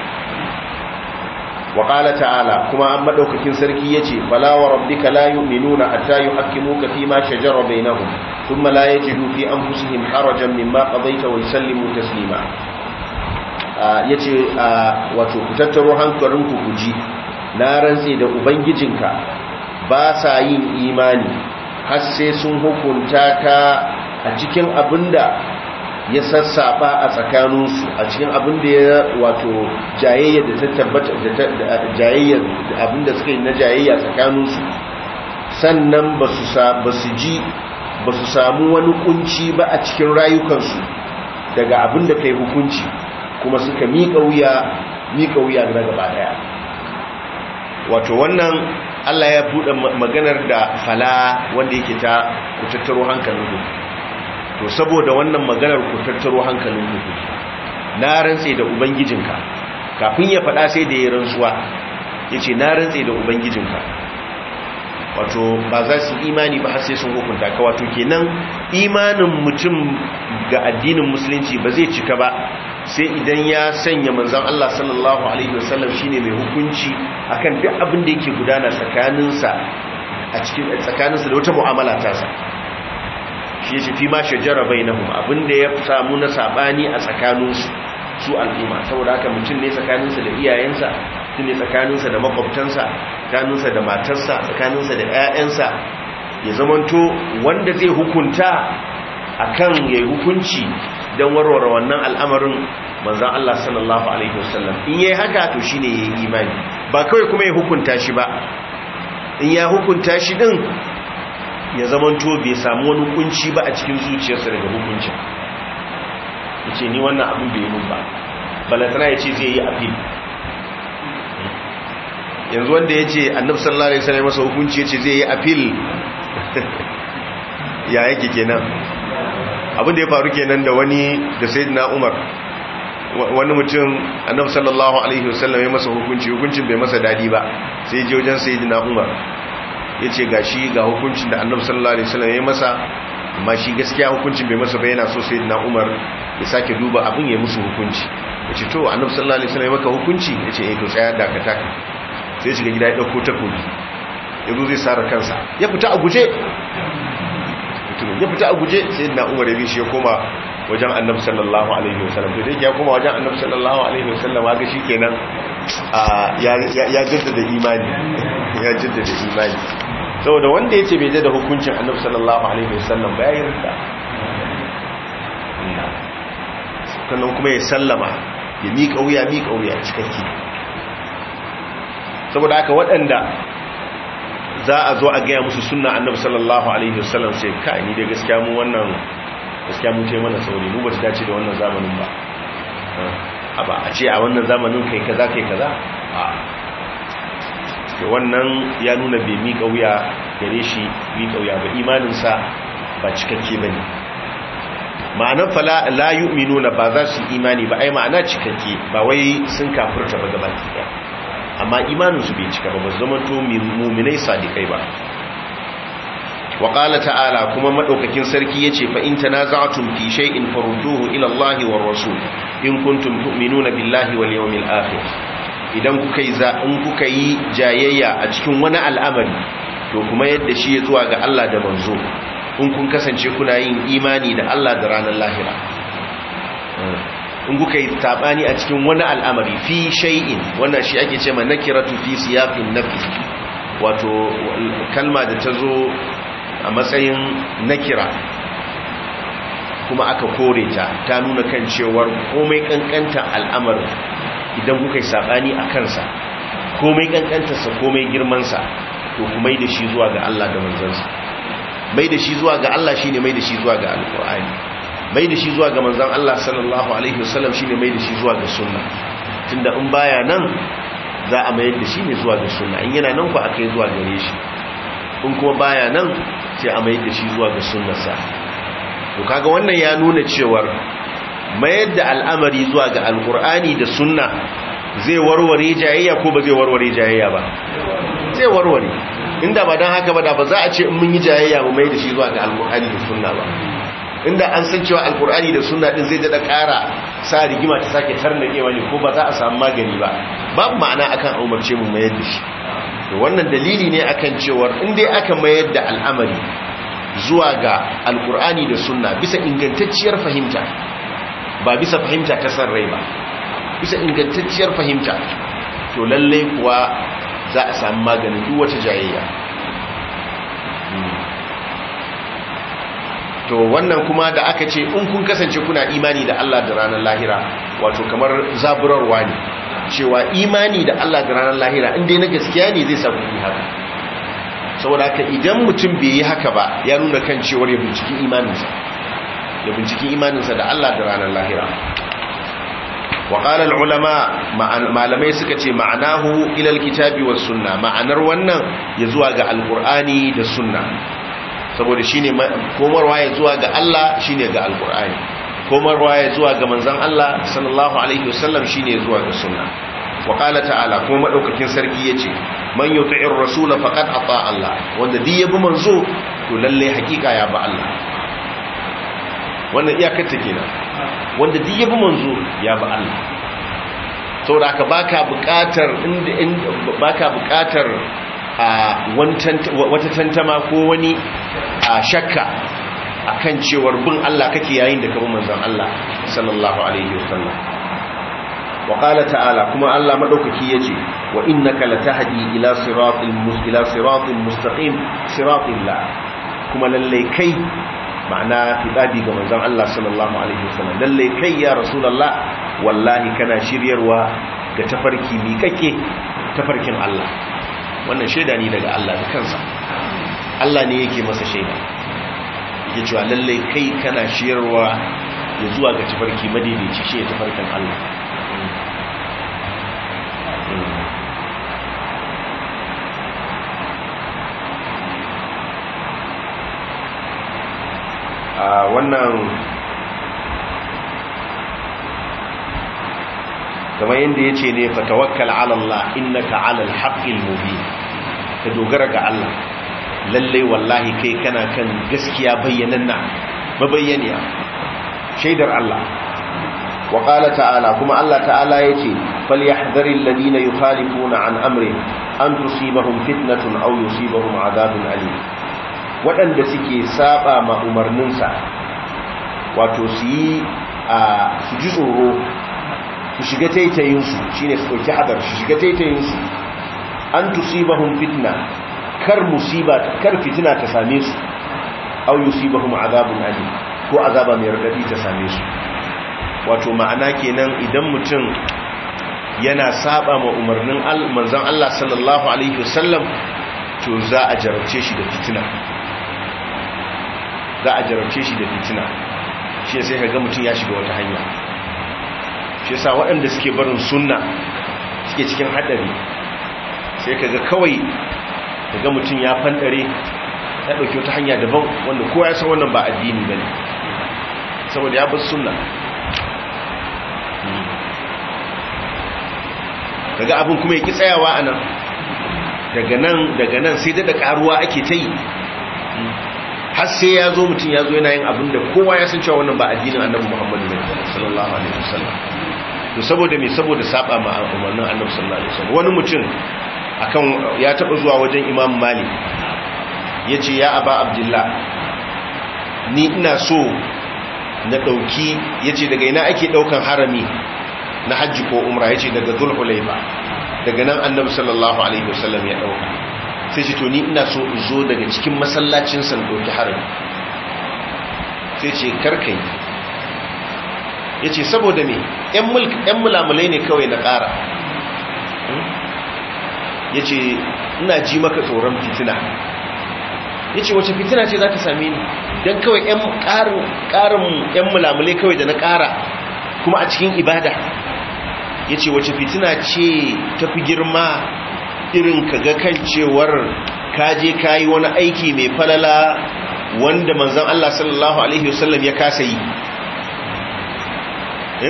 Waƙala ta'ala kuma an maɗaukakin sarki yace fala wa rabbika la yu'minuna hatta yuhaqqimuka an fusu bainahum thumma la yajidu fi anfusihim harajan mimma qadaita wa yusallimu Ya ce wato ku tattaro hankalinku ku ji na rantse da ubangijinka ba sa yin imani har sai sun hukunta ka a cikin da. ya sassafa a tsakaninsu a cikin abin da ya wato jayayya da ta tabbata jayayya abin da suka yi na jayayya tsakaninsu sannan ba su ji ba su samu wani kunci ba a cikin rayukansu daga abin da kai hukunci kuma suka miƙa wuya miƙa wuya na gaba daya wato wannan Allah ya buɗe maganar da fala wanda yake ta ku tattaro hankalin to saboda wannan maganar ku tattaro hankalin ku na rantse da ubangijinka kafin ya faɗa sai da ya rantsuwa yace na rantse da ubangijinka wato ba za su imani ba har sai sun hukunta ka wato kenan imanin mutum ga addinin musulunci ba zai cika ba sai idan ya sanya manzon Allah sallallahu alaihi wasallam shine mai hukunci akan duk abin da yake gudana tsakaninsa a cikin tsakaninsa da wata mu'amala ta sa shi fi ma shajara Abin da ya samu na sabani a tsakaninsu su al'umma saboda haka mutum ne tsakaninsa da iyayensa mutum ne tsakaninsa da makwabtansa tsakaninsa da matarsa tsakaninsa da ƴaƴansa ya zamanto wanda zai hukunta akan yi hukunci don warware wannan al'amarin manzan Allah sallallahu alaihi wasallam in yayi haka to shi ne ya yi imani ba kawai kuma ya hukunta shi ba in ya hukunta shi din ya zamanto bai samu wani kunci ba a cikin zuciyarsa daga hukuncin ya ce ni wannan abin bai yi ba balatana ya ce zai yi abin yanzu wanda ya ce annab sallallahu alaihi wasallam masa hukunci ya ce zai yi apil [laughs] ya yake kenan abin da ya faru kenan da wani da na umar wani mutum annab lallahu alaihi wasallam ya masa hukunci hukuncin bai masa dadi ba sai jojen wajen na umar Ya ce ga shi ga hukuncin da annabu sallallahu alaihi wasallam ya masa amma shi gaskiya hukuncin bai masa ba yana so sai na Umar ya sake duba abin ya musu hukunci Ya ce to annabu sallallahu alaihi wasallam ya maka hukunci yace eh to tsaya dakata sai shiga gida ya dauko takobi ya zo zai sare kansa ya fita a guje ya fita a guje sai na Umar ya bi shi ya koma wajen annabi sallallahu alaihi wasallam to dai ya koma wajen annabi sallallahu alaihi wasallam ga kenan ya jaddada imani [laughs] ya jaddada imani saboda wanda ya ce bai da hukuncin annabu sallallahu alaihi wasallam ba ya yarda sannan kuma ya sallama ya miƙa wuya miƙa wuya cikakke saboda haka waɗanda za a zo a gaya musu sunna annabu sallallahu alaihi wasallam sai ka ni da gaskiya mu wannan gaskiya mu ce mana sauri mu ba ta dace da wannan zamanin ba a ba a ce a wannan zamanin kai kaza kai kaza a da wannan ya nuna bai miƙa wuya gare shi miƙa wuya ba imaninsa ba cikakke ba ne ma'anar fala la yu'minu na ba za su imani ba ai ma'ana cikakke ba wai sun kafurta ba gaba ɗaya amma imaninsu bai cika ba ba zama to muminai sadikai ba wa ta'ala kuma maɗaukakin sarki ya yace fa in tanaza'tum fi shay'in farudduhu ilallahi wa war rasul in kuntum tu'minuna billahi wal yawmil akhir idan kuka yi za'in kuka yi jayayya a cikin wani al'amari to kuma yadda shi ya zuwa ga Allah da manzo in kun kasance kuna yin imani da Allah da ranar lahira in kuka yi tabani a cikin wani al'amari fi shay'in wannan shi ake cewa nakiratu fi siyaqin nafi wato kalma da ta zo a matsayin nakira kuma aka kore ta ta nuna kan cewar komai kankanta al'amarin idan kuka yi saɓani a kansa komai ƙanƙantarsa komai girmansa to ku mai da shi zuwa ga Allah da manzansa mai da shi zuwa ga Allah shi ne mai da shi zuwa ga alƙur'ani mai da shi zuwa ga manzan Allah sallallahu alaihi wasallam shi ne mai da shi zuwa ga sunna tunda in baya nan za a mayar da shi ne zuwa ga sunna in yana nan ku a kai zuwa gare shi in kuma baya nan sai a mayar da shi zuwa ga sunnarsa to kaga wannan ya nuna cewar mayar da al'amari zuwa ga alkur'ani da sunna zai warware jayayya ko ba zai warware jayayya ba zai warware inda ba don haka ba ba za a ce in mun yi jayayya ba mai da shi zuwa ga alkur'ani da sunna ba inda an san cewa alkur'ani da sunna din zai dada ƙara sa rigima ta sake tarnakewa ne ko ba za a samu magani ba babu ma'ana akan umarce mu mayar da shi wannan dalili ne akan cewar in dai aka mayar da al'amari zuwa ga alkur'ani da sunna bisa ingantacciyar fahimta ba bisa fahimta ta san rai ba bisa ingantacciyar fahimta to lalle kuwa za a samu maganin duk wata jayayya hmm. to wannan kuma da aka ce in kun kasance kuna imani da Allah da ranar lahira wato kamar zaburarwa ne cewa imani da Allah da ranar lahira inda na gaskiya ne zai samu yi haka saboda haka idan mutum bai yi haka ba ya nuna kan cewar ya binciki imaninsa Da binciki imaninsa da Allah da ranar lahira waƙalar ulama malamai suka ce ma'anahu ilal kitabi wa sunna ma'anar wannan ya zuwa ga alƙur'ani da sunna saboda shi ne komarwa ya zuwa ga Allah shi ne ga alƙur'ani komarwa ya zuwa ga manzan Allah sallallahu alaihi wasallam shi ne zuwa ga sunna waƙala ta'ala kuma maɗaukakin sarki ya ce man yau ta'in rasula faƙad a Allah wanda duk ya bi manzo to lallai hakika ya ba Allah wannan iyakar ta kenan wanda duk yabi manzo ya bi Allah saboda ka baka buƙatar inda baka buƙatar wata tantama ko wani shakka akan cewar bin Allah kake yayin da ka bi manzon Allah sallallahu alaihi wasallam qala ta'ala kuma Allah madaukaki yace wa innaka latahdi ila siratil mustaqim siratil la kuma lallai kai. ma'ana fi fitabi ga manzon Allah sallallahu alaihi wasallam lalle kai ya rasulullah wallahi kana shiryarwa ga tafarki mi kake tafarkin Allah wannan shaida ne daga Allah da kansa Allah ne yake masa shaida yake cewa lalle kai kana shiryarwa ya zuwa ga tafarki madaidaici shi tafarkin Allah a wannan kamar yadda ya ce ne fatawakkal alallah innaka alal haqqil mubin ka dogara ga Allah lallai wallahi kai kana kan gaskiya bayyananna mabayyaniya shaidar Allah wa qala ta'ala kuma Allah ta'ala yace falyahzaril ladina yukhalifuna an amri an tusibahum fitnatun aw yusibahum adhabun alim waɗanda suke saba ma umarninsa wato su yi a su ji tsoro su shiga taitayinsu shi ne su ɗauki hadar su shiga taitayinsu an tusibahun fitna kar musiba kar fitina ta same su au yusibahum azabun ali ko azaba mai radadi ta same su wato ma'ana kenan idan mutum yana saba ma umarnin manzon Allah sallallahu alaihi wasallam to za a jarabce shi da fitina za a jarabce shi da fitina shi sai ka ga mutum ya shiga wata hanya shi sa waɗanda suke barin sunna suke cikin haɗari sai ka ga kawai ka ga mutum ya fanɗare ya ɗauki wata hanya daban wanda kowa ya san wannan ba addini ba ne saboda ya bar sunna daga abin kuma ya ƙi tsayawa a nan daga nan sai daɗa ƙaruwa ake ta yi har sai ya zo mutum ya zo yana yin abin da kowa ya san cewa wannan ba addinin annabi muhammadu ne sallallahu alaihi wasallam to saboda me saboda saba ma umarnin annabi sallallahu alaihi wasallam wani mutum akan ya taba zuwa wajen imam malik yace ya aba abdullah ni ina so na dauki yace daga ina ake daukan harami na hajji ko umra yace daga dhul hulaifa daga nan annabi sallallahu alaihi wasallam ya dauka sai ce to ni ina so in zo daga cikin masallacin san doki harami sai ce karkai ya ce saboda me ‘yan mulamulai ne kawai na ƙara ya ce ina ji maka tsoron fitina ya ce wace fitina ce za ka same ni don kawai ƙarin ‘yan mulamulai kawai da na ƙara kuma a cikin ibada ya ce wace fitina ce ta fi girma irin ka ga kan cewar kaje kayi wani aiki mai falala wanda manzan Allah sallallahu Alaihi wasallam ya kasa yi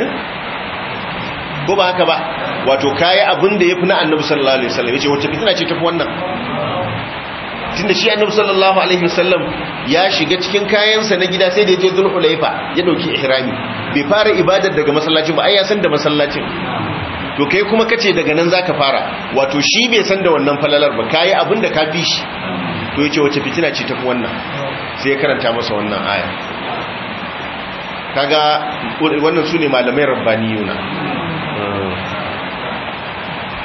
eh? ko ba haka ba wato kayi abin da ya fi na annabi sallallahu Alaihi wasallam ya ce wacce fitina ce tafi wannan Tun da shi annabi sallallahu Alaihi wasallam ya shiga cikin kayansa na gida sai da ya je zulhulaifa ya dauki ihrami bai fara ibadar daga masallacin ba ai ya san da masallacin to kai kuma kace daga nan zaka fara wato shi bai san da wannan falalar ba kai abinda ka bi shi to yace wace fitina ce ta wannan sai ya karanta masa wannan aya kaga wannan sune malamai rabbaniyuna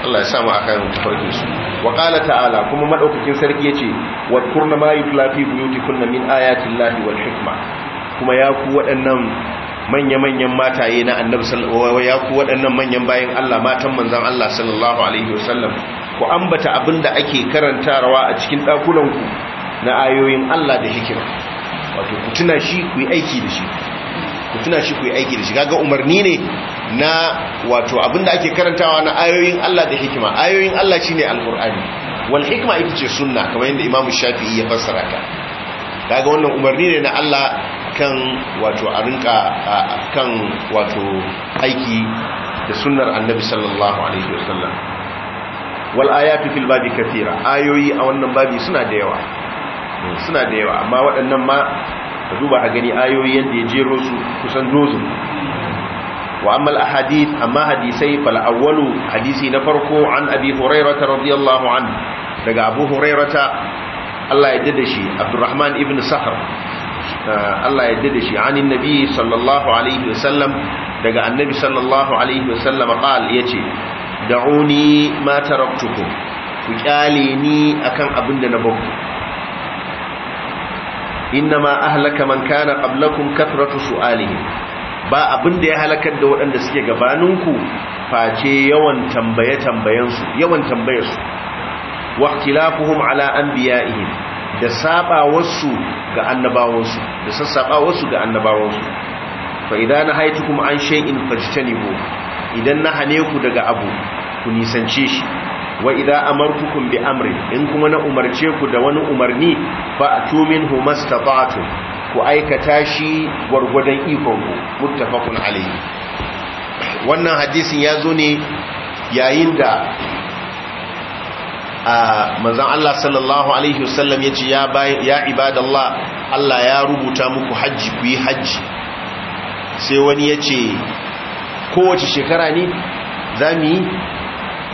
Allah ya samu akan tafarkin su wa qala ta'ala kuma madaukakin sarki yace wa kurna ma yuflafi fi buyutikunna min ayati llahi wal hikma kuma ya ku waɗannan manya-manyan mataye na annabi sallallahu ya ku waɗannan manyan bayan Allah matan manzon Allah sallallahu alaihi wasallam ku ambata abinda ake karantarwa a cikin dakunan ku na ayoyin Allah da hikima wato ku tuna shi ku yi aiki da shi ku tuna shi ku yi aiki da shi kaga umarni ne na wato abinda ake karantawa na ayoyin Allah da hikima ayoyin Allah shine alqur'ani wal hikma ita ce sunna kamar yadda imamu shafi'i ya fassara ta kaga wannan umarni ne na Allah Kan wato a rinka wato aiki da sunnar annabi sallallahu alaihi wasallam wal ayatu fil babi kathira ayoyi a wannan babi suna da yawa suna da yawa amma waɗannan ma ka duba a gani ayoyi yadda ya jero su kusan dozin wa amma al-ahadith amma hadisai fal awwalu hadisi na farko an abi hurairah radiyallahu an daga abu hurairah Allah ya dade shi Abdurrahman ibn sahr Allah ya dade shi anin nabi sallallahu alaihi wasallam daga annabi sallallahu alaihi wasallam qal yace da'uni ma taraktukum ku kyale ni akan abin da na bakku innama ahlaka man kana qablakum kathratu su'alihim ba abin da ya halakar da waɗanda suke gabaninku face yawan tambaye tambayensu yawan tambayarsu wa ikhtilafuhum ala anbiya'ihim da wasu ga annabawansu da wasu ga annabawansu fa idan haitukum an shay'in fajtanibu idan na hane ku daga abu ku nisance shi wa idan amartukum bi amri in kuma na umarce ku da wani umarni fa atumin humastata'tu ku aikata shi gwargwadon ikon ku muttafaqun alayhi wannan hadisin ya zo ne yayin da manzan Allah sallallahu alaihi wasallam ya ce ya ibada ibadallah Allah ya rubuta muku hajji ku yi hajji sai wani ya ce kowace shekara ne za mu yi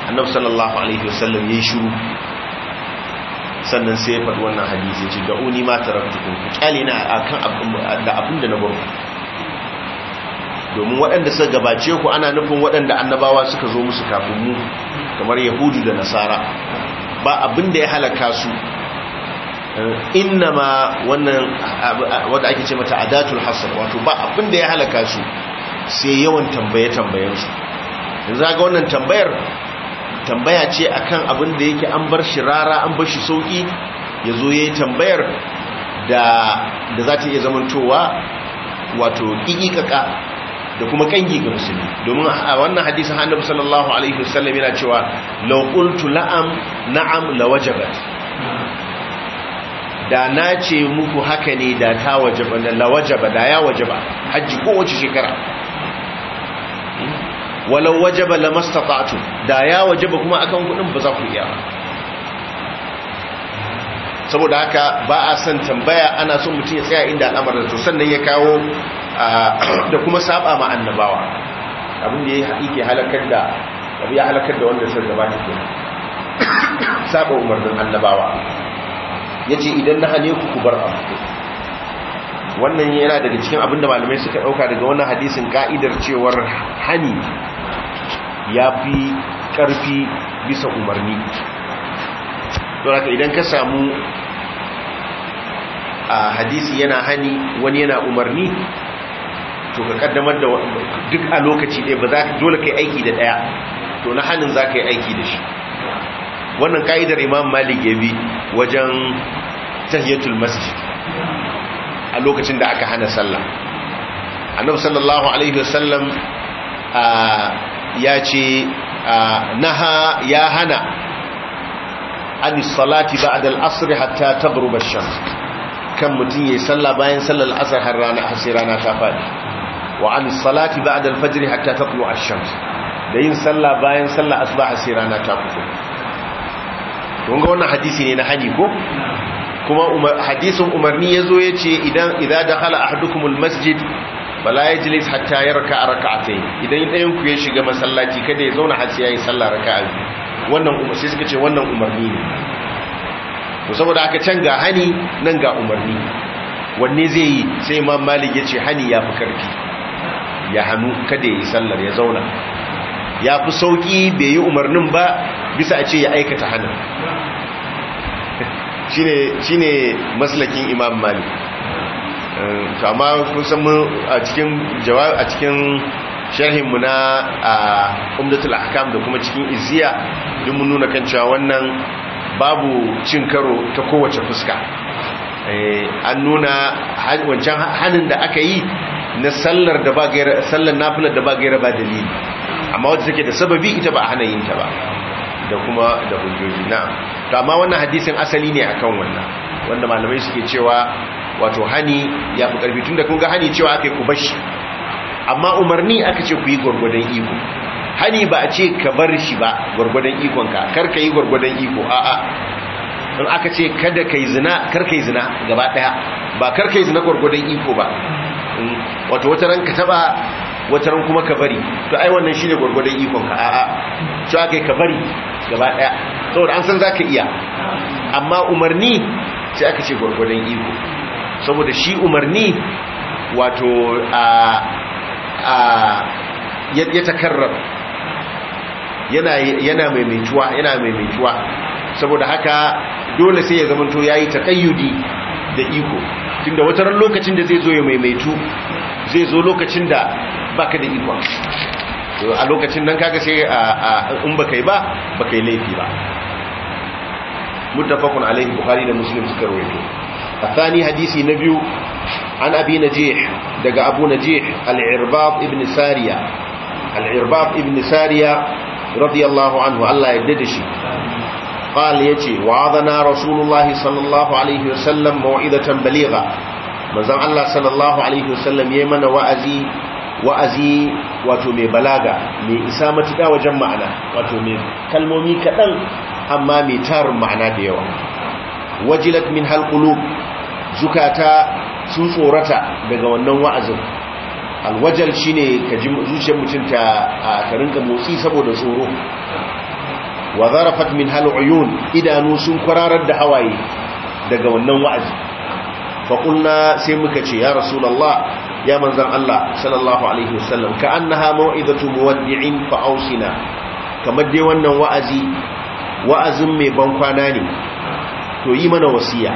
annabi sallallahu alaihi wasallam ya yi shiru sannan sai ya faɗi wannan hadisi ce ga uni ma taraktukum ku kyale na akan da abin da na barku. domin waɗanda suka gabace ku ana nufin waɗanda annabawa suka zo musu kafin mu kamar yahudu da nasara ba abin da ya halaka su innama wannan wanda ake ce mata adatul wato ba abin da ya halaka su sai yawan tambaye tambayen su ga wannan tambayar tambaya ce akan abin da yake an bar shi rara an bar shi sauki yazo yayi tambayar da da za iya zamantowa wato ƙiƙiƙaƙa. da kuma kangi ga musulmi domin a wannan hadisin annabi sallallahu alaihi wasallam yana cewa law qultu la'am na'am lawajabat da na ce muku haka ne da ta wajaba da lawajaba da ya wajaba haji kowace shekara walau wajaba lamastata'tu da ya wajaba kuma akan kudin ba za ku iya ba saboda haka ba a son tambaya ana son mutum ya tsaya inda al'amarin to sannan ya kawo [clears throat] da kuma saba ma annabawa abin da ya yake halakar da abu ya halakar da wanda sun gabata ke [clears throat] saba umarnin annabawa ya ce idan na hane ku kubar abu wannan yana daga cikin abin da malamai suka ɗauka daga wannan hadisin ka'idar cewar hani ya fi ƙarfi bisa umarni don haka idan ka samu a hadisi yana hani wani yana umarni to ka kaddamar da duk a lokaci ɗaya ba za ka dole kai aiki da ɗaya to na hannun za ka yi aiki da shi wannan ka'idar imam malik ya bi wajen tahiyatul masjid a lokacin da aka hana sallah annabi sallallahu alaihi wasallam ya ce naha ya hana anis salati ba'da al-asr hatta taghrub ash-shams kan mutun yayi sallah bayan sallar asr har rana hasirana ta fadi wa anis salati ba'da al-fajr hatta taqlu ash-shams da yin sallah bayan sallar asbah har rana ta fito don ga wannan hadisi ne na hani ko kuma hadisin umarni ya zo ya ce idan idza dakhala ahadukumul masjid bala yajlis hatta yarka rak'atayn idan ɗayan ku ya shiga masallaci kada ya zauna har sai yayi sallah raka'a biyu wannan umar sai suka ce wannan umarni ne to saboda aka canga hani nan ga umarni wanne zai yi sai imam malik ya ce hani ya fi karfi ya hanu kada ya yi sallar ya zauna ya fi sauƙi bai yi umarnin ba bisa a ce ya aikata hannun [laughs] shi ne maslakin imam malik eh, amma kun san a cikin mu na umdatul ahkam da kuma cikin iziya don mun nuna kan cewa wannan babu cin karo ta kowace fuska eh, an nuna wancan hannun da aka yi na sallar da ba gaira sallar nafilar da ba gaira ba dalili amma wacce take da sababi ita ba a hana ta ba da kuma da hujjoji na to amma wannan hadisin asali ne akan wannan wanda malamai suke cewa wato hani ya fi karfi tun da kun ga hani cewa aka yi ku bashi amma umarni aka ce ku yi gwargwadon iko hani ba a ce ka bar shi ba gwargwadon ikonka kar ka yi gwargwadon iko a'a in aka ce kada kai zina kar kai zina gaba daya ba kar kai zina gwargwadon iko ba wato wata ran ka taba wata ran kuma ka bari to ai wannan shine gwargwadon ikon ka a'a to aka yi ka bari gaba daya saboda an san zaka iya amma umarni sai aka ce gwargwadon iko saboda shi umarni wato a ya takarrar yana maimaituwa yana maimaituwa saboda haka dole sai ya zamanto ya yi taƙayyudi da iko tunda wata ran lokacin da zai zo ya maimaitu zai zo lokacin da baka da iko a lokacin nan kaga sai in baka yi ba baka yi laifi ba muttafaqun alaihi Buhari da muslim suka rawaito tsani hadisi na biyu an abi najih daga abu najih al-irbab ibn sariya al-irbab ibn anhu Allah ya dade shi قال يجي وعظنا رسول الله صلى الله عليه وسلم موعظة بليغة Allah sallallahu alaihi wasallam yayi mana wa'azi wa'azi wato mai balaga mai isa matuƙa wajen ma'ana wato mai kalmomi kaɗan amma mai tarin ma'ana da yawa wajilat min halqulub zukata sun tsorata daga wannan wa'azin alwajal shine ka ji zuciyar mutum ta ka motsi saboda tsoro wa zarafat min hal idanu sun kwararar da hawaye daga wannan wa'azi fa sai muka ce ya rasulullah ya manzon Allah sallallahu alaihi wasallam ka annaha mau'izatu muwaddi'in fa fa'ausina. kamar dai wannan wa'azi wa'azin mai ban kwana ne to yi mana wasiya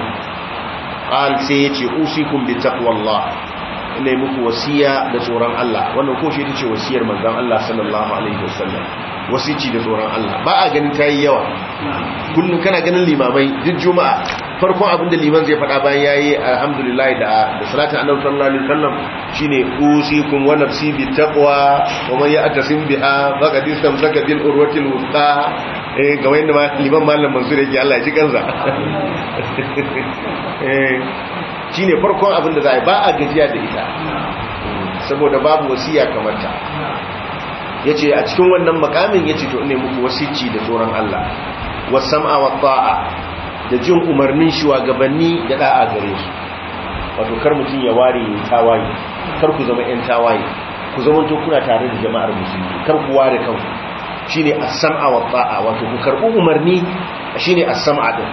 qal sai yace usikum bi taqwallah ina yi muku wasiya da wannan ko shi ce wasiyar manzon Allah sallallahu alaihi wasallam wasici da tsoron Allah ba a ganin tayi yawa kullun kana ganin limamai duk juma'a farkon abin da liman zai faɗa bayan yayi alhamdulillah da da salatin annabi sallallahu alaihi wasallam shine usikum wa nafsi bi taqwa wa man ya'tasim biha faqad istamsaka bil urwatil wuthqa eh ga wanda liman malam mansur yake Allah ya ji kansa [laughs] eh shine farkon abin da za a ba a gajiya da ita saboda babu wasiya kamar ta yace a cikin wannan makamin yace to ne muku wasici da tsoron Allah wasam'a wa ta'a da jin umarnin shugabanni da da'a gare su wato kar mutun ya ware tawaye kar ku zama yan tawaye ku zama to kuna tare da jama'ar musulmi kar ku ware kanku shine as-sam'a wa ta'a wato ku karbu umarni shine as-sam'a din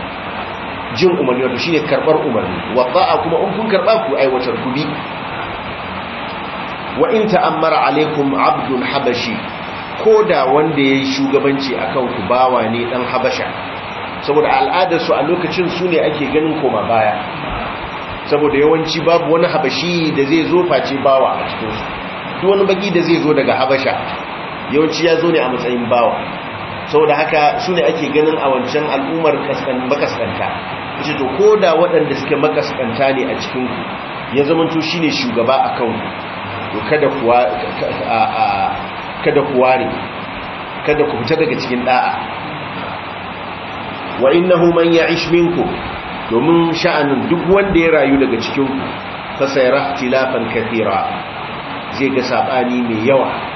jin umarni wato shine karbar umarni wa ta'a kuma in kun karba ku aiwatar ku bi wa in ta'ammara alaikum abdul habashi koda wanda yayi shugabanci akan ku bawa ne dan habasha saboda al'adar su a lokacin su ne ake ganin koma baya saboda yawanci babu wani habashi da zai zo face bawa a cikin su duk wani baki da zai zo daga habasha yawanci ya zo ne a matsayin bawa saboda haka su ne ake ganin a wancan al'ummar makaskanta ita to ko da waɗanda suke makaskanta ne a cikinku ya zamanto shi ne shugaba a kan kada ku ne kada ku fita daga cikin ɗa'a wa innahu man ya'ish domin sha'anin duk wanda ya rayu daga cikinku fasayara tilafan kafira zai ga saɓani mai yawa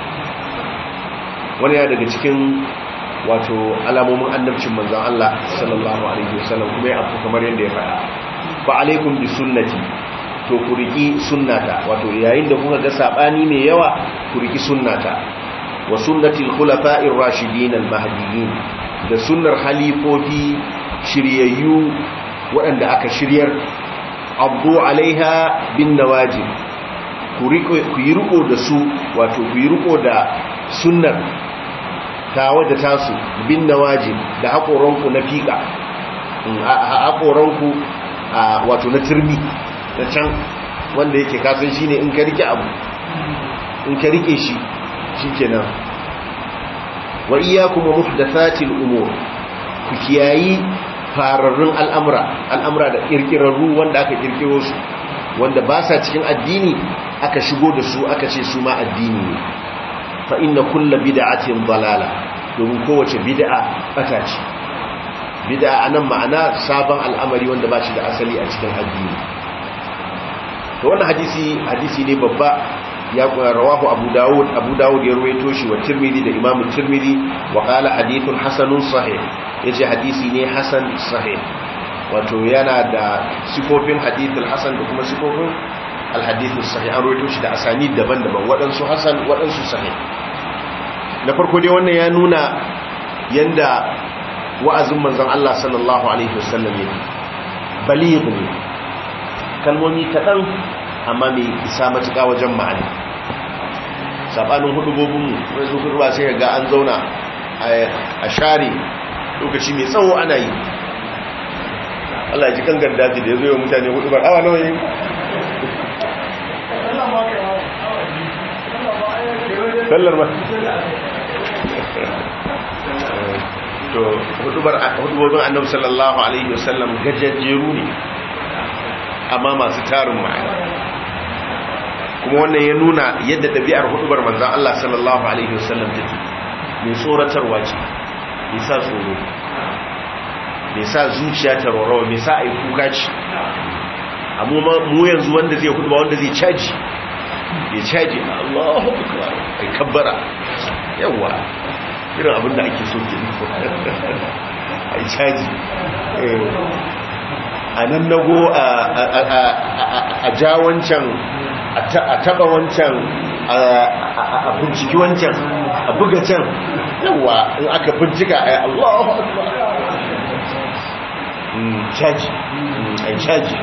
wani ya daga cikin wato alamomin annabcin manzan Allah sallallahu alaihi wasallam kuma ya afu kamar yadda ya faɗa ba alaikum bi sunnati to ku riki sunnata wato yayin da kuka ga sabani mai yawa ku riki sunnata wa sunnatil khulafa'ir rashidin al mahdiyyin da sunnar halifofi shiryayyu waɗanda aka shiryar abdu alaiha bin nawajib ku yi riko da su wato ku yi riko da sunnar tawa da tasu bin na waje, da haƙoranku na fiƙa haƙoranku wato na turmi na can wanda yake kasan shi ne in ka rike abu in ka rike shi shi ke nan. wa iya kuma da satin umur ku kiyayi fararrun al'amura al'amura da ƙirƙirarru wanda aka ƙirƙiro su wanda ba sa cikin addini aka shigo da su aka ce su ma addini ne fa inna kullu bid'atin balala, domin kowace bid'a bata ce bida'a anan ma'ana sabon al'amari wanda ba shi da asali a cikin addini Da wannan hadisi hadisi ne babba ya rawahu abu dawud abu dawud ya ruwaito shi wa tirmidhi da imamu tirmidhi wa qala hadithun hasanun sahih yace hadisi ne hasan sahih wato yana da sifofin hadithul hasan da kuma sifofin alhadithu sahih an rawaito shi da asani daban-daban waɗansu hasan waɗansu sahih na farko dai wannan ya nuna yanda wa'azin manzon Allah sallallahu alaihi wasallam yake baligh ne kalmomi kaɗan amma mai isa matuƙa wajen ma'ani sabanin hudubobin mu sai su hudba sai ga an zauna a share lokaci mai tsawo ana yi Allah ya ji kan gardaji da ya zo yi mutane ba awa nawa yi sallar ba to hudubar hudubobin annabi sallallahu alaihi wasallam gajajjeru ne amma masu tarin ma'ana kuma wannan ya nuna yadda ɗabi'ar hudubar manzan Allah sallallahu alaihi wasallam take mai tsoratarwa ce mai sa tsoro mai sa zuciya rorawa mai sa kuka ce amma mu yanzu wanda zai hudu ba wanda zai caji ya caji allahu akbar kai kabbara yawa irin abin da ake so ke ai caji eh anan nago a ja wancan a taba wancan a binciki wancan a buga can yawa in aka bincika ai allahu akbar Mm, caji mm, a caji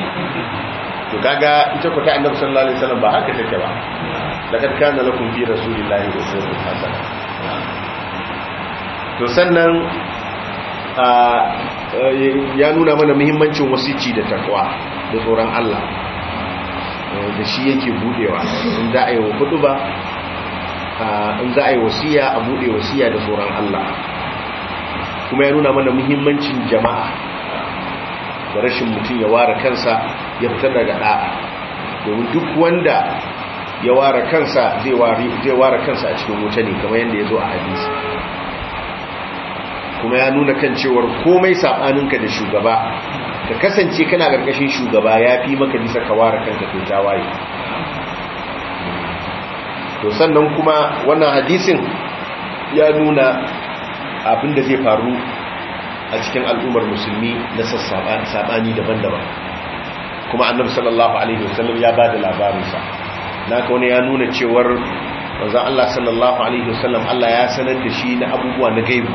to kaga ita ku ta annabi sallallahu alaihi wasallam ba haka take ba laqad kana lakum fi rasulillahi uswatun hasana to sannan eh, ya nuna mana muhimmancin wasici da takwa da tsoron Allah eh, da shi yake budewa in za a yi hudu ba in za a yi wasiya a bude wasiya da tsoron Allah kuma ya nuna mana muhimmancin jama'a da rashin mutum ya ware kansa ya fita daga da'a domin duk wanda ya ware kansa zai ware kansa a cikin wuta ne kamar yadda ya zo a hadisi kuma ya nuna kan cewar komai saɓaninka da shugaba ka kasance kana ƙarƙashin shugaba ya fi maka bisa ka ware kanka ta waye. to sannan kuma wannan hadisin ya nuna abin da zai faru a cikin al'ummar musulmi na saɓani daban-daban kuma annabi sallallahu alaihi wasallam ya ba da labarinsa na wani ya nuna cewar wanzan Allah sallallahu alaihi wasallam Allah ya sanar da shi na abubuwa na gaibu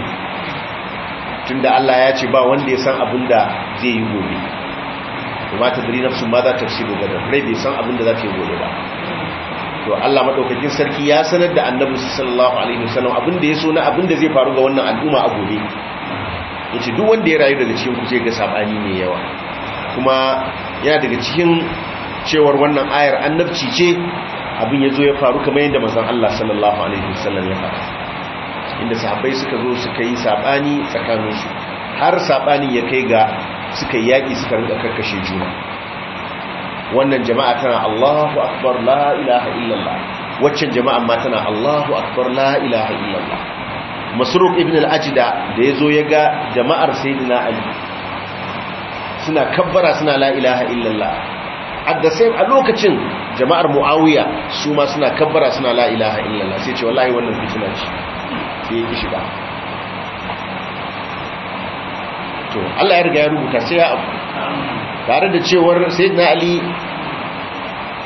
tunda Allah ya ce ba wanda ya san abin da zai yi gobe kuma ta dari nafsun ma za ta fi gobe da rai bai san abin da za ta yi gobe ba to Allah madaukakin sarki ya sanar da annabi sallallahu alaihi wasallam abin da ya so na abin da zai faru ga wannan al'umma a gobe yace duk wanda ya rayu daga cikin ku ga sabani mai yawa kuma ya daga cikin cewar wannan ayar annabci ce abin ya zo ya faru kamar yadda manzon Allah sallallahu alaihi wasallam ya fara. inda sahabbai suka zo suka yi sabani tsakanin su har sabanin ya kai ga suka yaki suka rinka karkashe juna wannan jama'a tana Allahu akbar la ilaha illallah waccan jama'a ma tana Allahu akbar la ilaha illallah masruk ibn al-ajda da yazo ya ga jama'ar sayyidina ali suna kabbara suna la ilaha illallah at the same a lokacin jama'ar muawiya su ma suna kabbara suna la ilaha illallah sai ce wallahi wannan fitina ce sai ya shiga to Allah ya riga ya rubuta sai ya tare da cewar sayyidina ali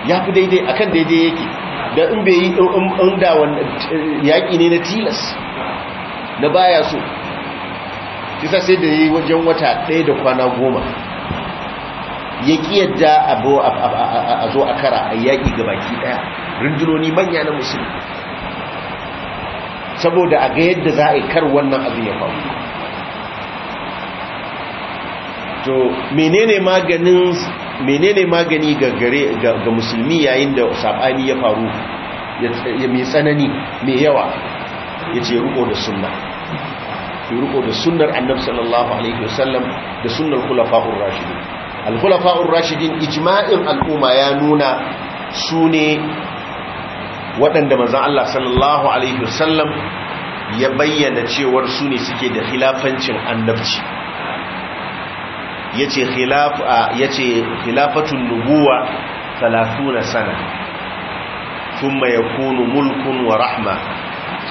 ya fi daidai akan daidai yake da in bai yi in da eh, yaƙi ne na tilas na baya so kisa sai da yi wajen wata ɗaya da kwana goma ya ƙi yadda a zo a kara a yaƙi ga baki ɗaya rundunoni manya na musulmi saboda a ga yadda za a yi kar wannan abin ya faru to menene magani ga gare ga musulmi yayin da saɓani ya faru mai tsanani mai yawa ya ce riko da sunna Ya riko da sunnar annab sallallahu alaihi wasallam da sunnar khulafa'ur rashidin al-khulafa'ur rashidin ijma'in al'umma ya nuna su ne waɗanda manzon Allah sallallahu alaihi wasallam ya bayyana cewar su ne suke da khilafancin annabci yace khilaf yace khilafatun nubuwa 30 sana thumma yakunu mulkun wa rahma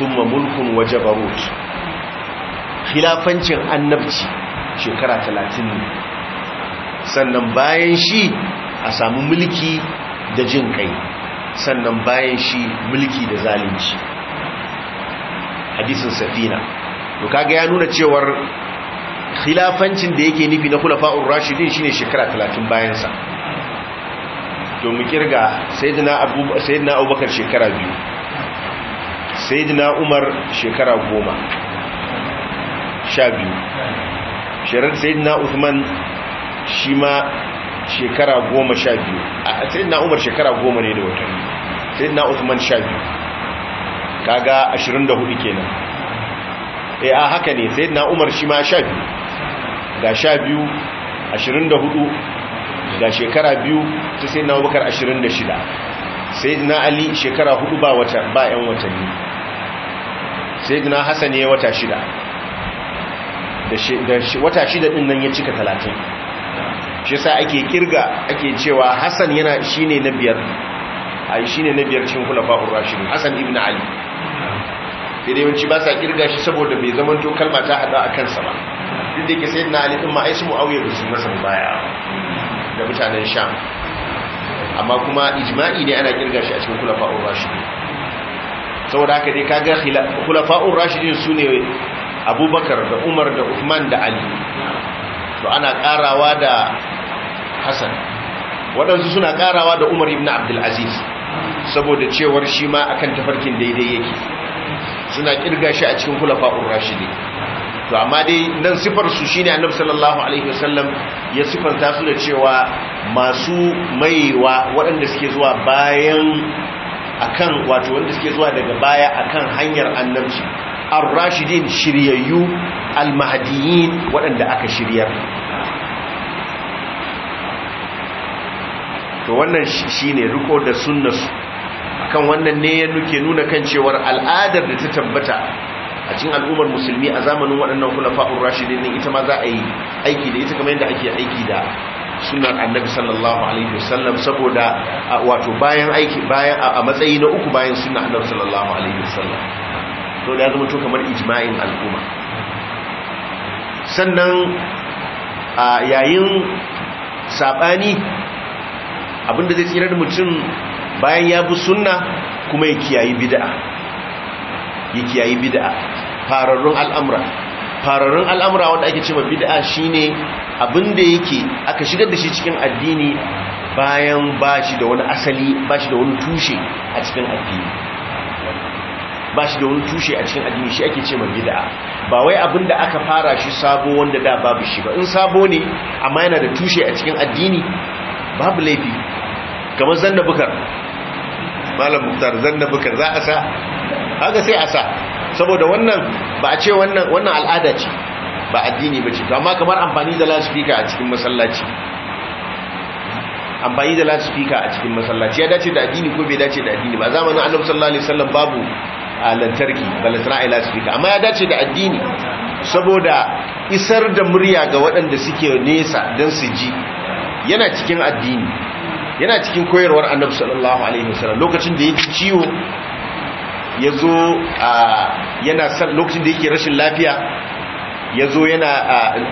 thumma mulkun wa jabarut khilafancin annabci shekara 30 ne sannan bayan shi a samu mulki da jin kai sannan bayan shi mulki da zalunci hadisin safina to kaga ya nuna cewar khilafancin da yake nufi na khulafa'ur rashidin shine shekara 30 bayan sa to mu kirga sayyidina abubakar shekara biyu sayyidina umar shekara goma sha biyu shirar sayyidina uthman shi ma shekara goma sha biyu a sayyidina umar shekara goma ne da wata sayyidina uthman sha biyu kaga ashirin da hudu kenan e a haka ne sayyidina umar shi ma sha biyu ga sha biyu ashirin da hudu ga shekara biyu ta sayyidina abubakar ashirin da shida sai ali shekara hudu ba wata ba yan watanni sayyidina hasan ya wata shida da wata shida din nan ya cika talatin shi sa ake kirga ake cewa hasan yana shine na biyar ai shine na biyar cikin kulafa urashin hasan ibn ali sai dai wanci ba sa kirga shi saboda bai zama to kalma ta hada a kansa ba duk da yake sayyidina ali din ma ai mu muawiya da su masa baya da mutanen sham amma kuma ijma'i ne ana kirga shi a cikin kulafa urashin saboda haka dai kaga khulafa'ur rashidin ne abubakar da umar da uthman da ali to ana karawa da hasan waɗansu suna karawa da umar ibn abdulaziz saboda cewar shi ma akan tafarkin daidai yake suna kirga shi a cikin khulafa'ur rashidin to amma dai nan sifar su shine annabi sallallahu alaihi wasallam ya sifanta su da cewa masu maiwa waɗanda suke zuwa bayan akan wato wanda suke zuwa daga baya akan hanyar annabci ar-rashidin shiryayyu al-mahdiyyin waɗanda aka shiryar to wannan shine riko da sunnasu akan wannan ne ya nuke nuna kan cewar al'adar da ta tabbata a cikin al'ummar musulmi a zamanin waɗannan kulafa'ur rashidin ita ma za a yi aiki da ita kamar yadda ake aiki da Sunan annabi sallallahu alaihi wasallam saboda wato bayan aiki bayan a matsayi na uku bayan sunnar annabi sallallahu alaihi wasallam to da zama to kamar ijma'in al'umma sannan a yayin sabani abinda zai tsira da mutum bayan ya bi sunna kuma ya kiyayi bid'a ya kiyayi bid'a fararrun al'amuran. fararun al'amura wanda ake ce bid'a shine abin da yake aka shigar da shi cikin addini bayan ba shi da wani asali ba shi da wani tushe a cikin addini ba shi da wani tushe a cikin addini shi ake ce bid'a ba wai abin da aka fara shi sabo wanda da babu shi ba in sabo ne amma yana da tushe a cikin addini babu laifi kamar zanna bukar malam muktar zanna bukar za a sa haka sai a sa saboda wannan ba a ce wannan wannan al'ada ce ba addini ba ce amma kamar amfani da loudspeaker a cikin masallaci amfani da loudspeaker a cikin masallaci ya dace da addini ko bai dace da addini ba zamanin annabi sallallahu alaihi wasallam babu a lantarki balantana a loudspeaker amma ya dace da addini saboda isar da murya ga waɗanda suke nesa don su ji yana cikin addini yana cikin koyarwar annabi sallallahu alaihi wasallam lokacin da yake ciwo ya zo yana lokacin da yake rashin lafiya ya zo yana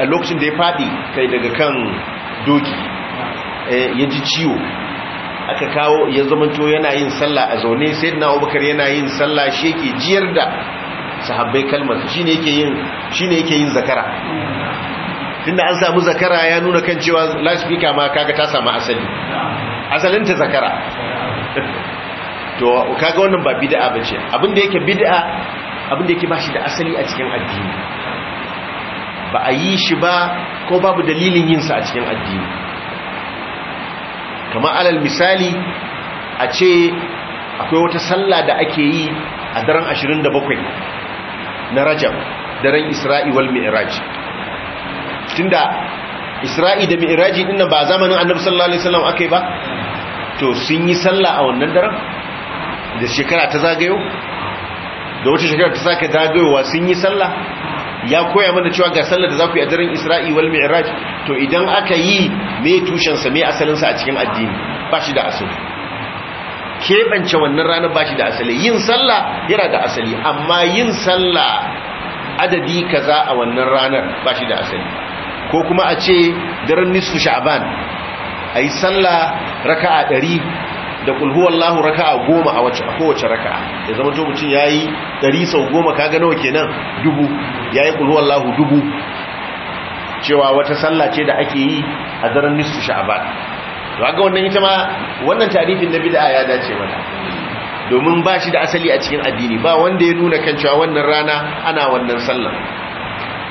a lokacin da ya faɗi kai daga kan doki eh, ya ji ciwo aka kawo ya zamanto yana yin sallah a zaune sai na abubakar yana yin sallah shi yake jiyar da sahabbai kalmar shi ne yake yin zakara tunda an samu zakara ya nuna kan cewa lafi ma kaga ta samu asali asalinta zakara to kaga wannan ba bid'a bace abin da yake bid'a abin da yake ba shi da asali a cikin addini ba a yi shi ba ko babu dalilin yin sa a cikin addini kamar alal misali a ce akwai wata sallah da ake yi a daren 27 na Rajab daren Isra'i wal Mi'raj tunda Isra'i da Mi'raji dinnan ba zamanin Annabi sallallahu alaihi wasallam akai ba to sun yi sallah a wannan daren da shekara ta zagayo da wata shekara ta sake zagayowa sun yi sallah ya koya mana cewa ga sallar da za ku yi a daren isra'i wal mi'raj to idan aka yi me tushensa mai asalinsa a cikin addini ba shi da asali keɓance wannan ranar ba shi da asali yin sallah yana da asali amma yin sallah adadi kaza a wannan ranar ba shi da asali ko kuma a ce daren nisfu sha'ban a yi sallah raka'a ɗari da kulhu wallahu raka'a goma a kowace raka'a ya zama to mutum yayi ɗari sau goma kaga nawa kenan dubu yayi kulhu wallahu dubu cewa wata sallah ce da ake yi a daren nisfu sha'ban to kaga wannan ita ma wannan tarihin na bid'a ya dace mana domin ba shi da asali a cikin addini ba wanda ya nuna kan cewa wannan rana ana wannan sallah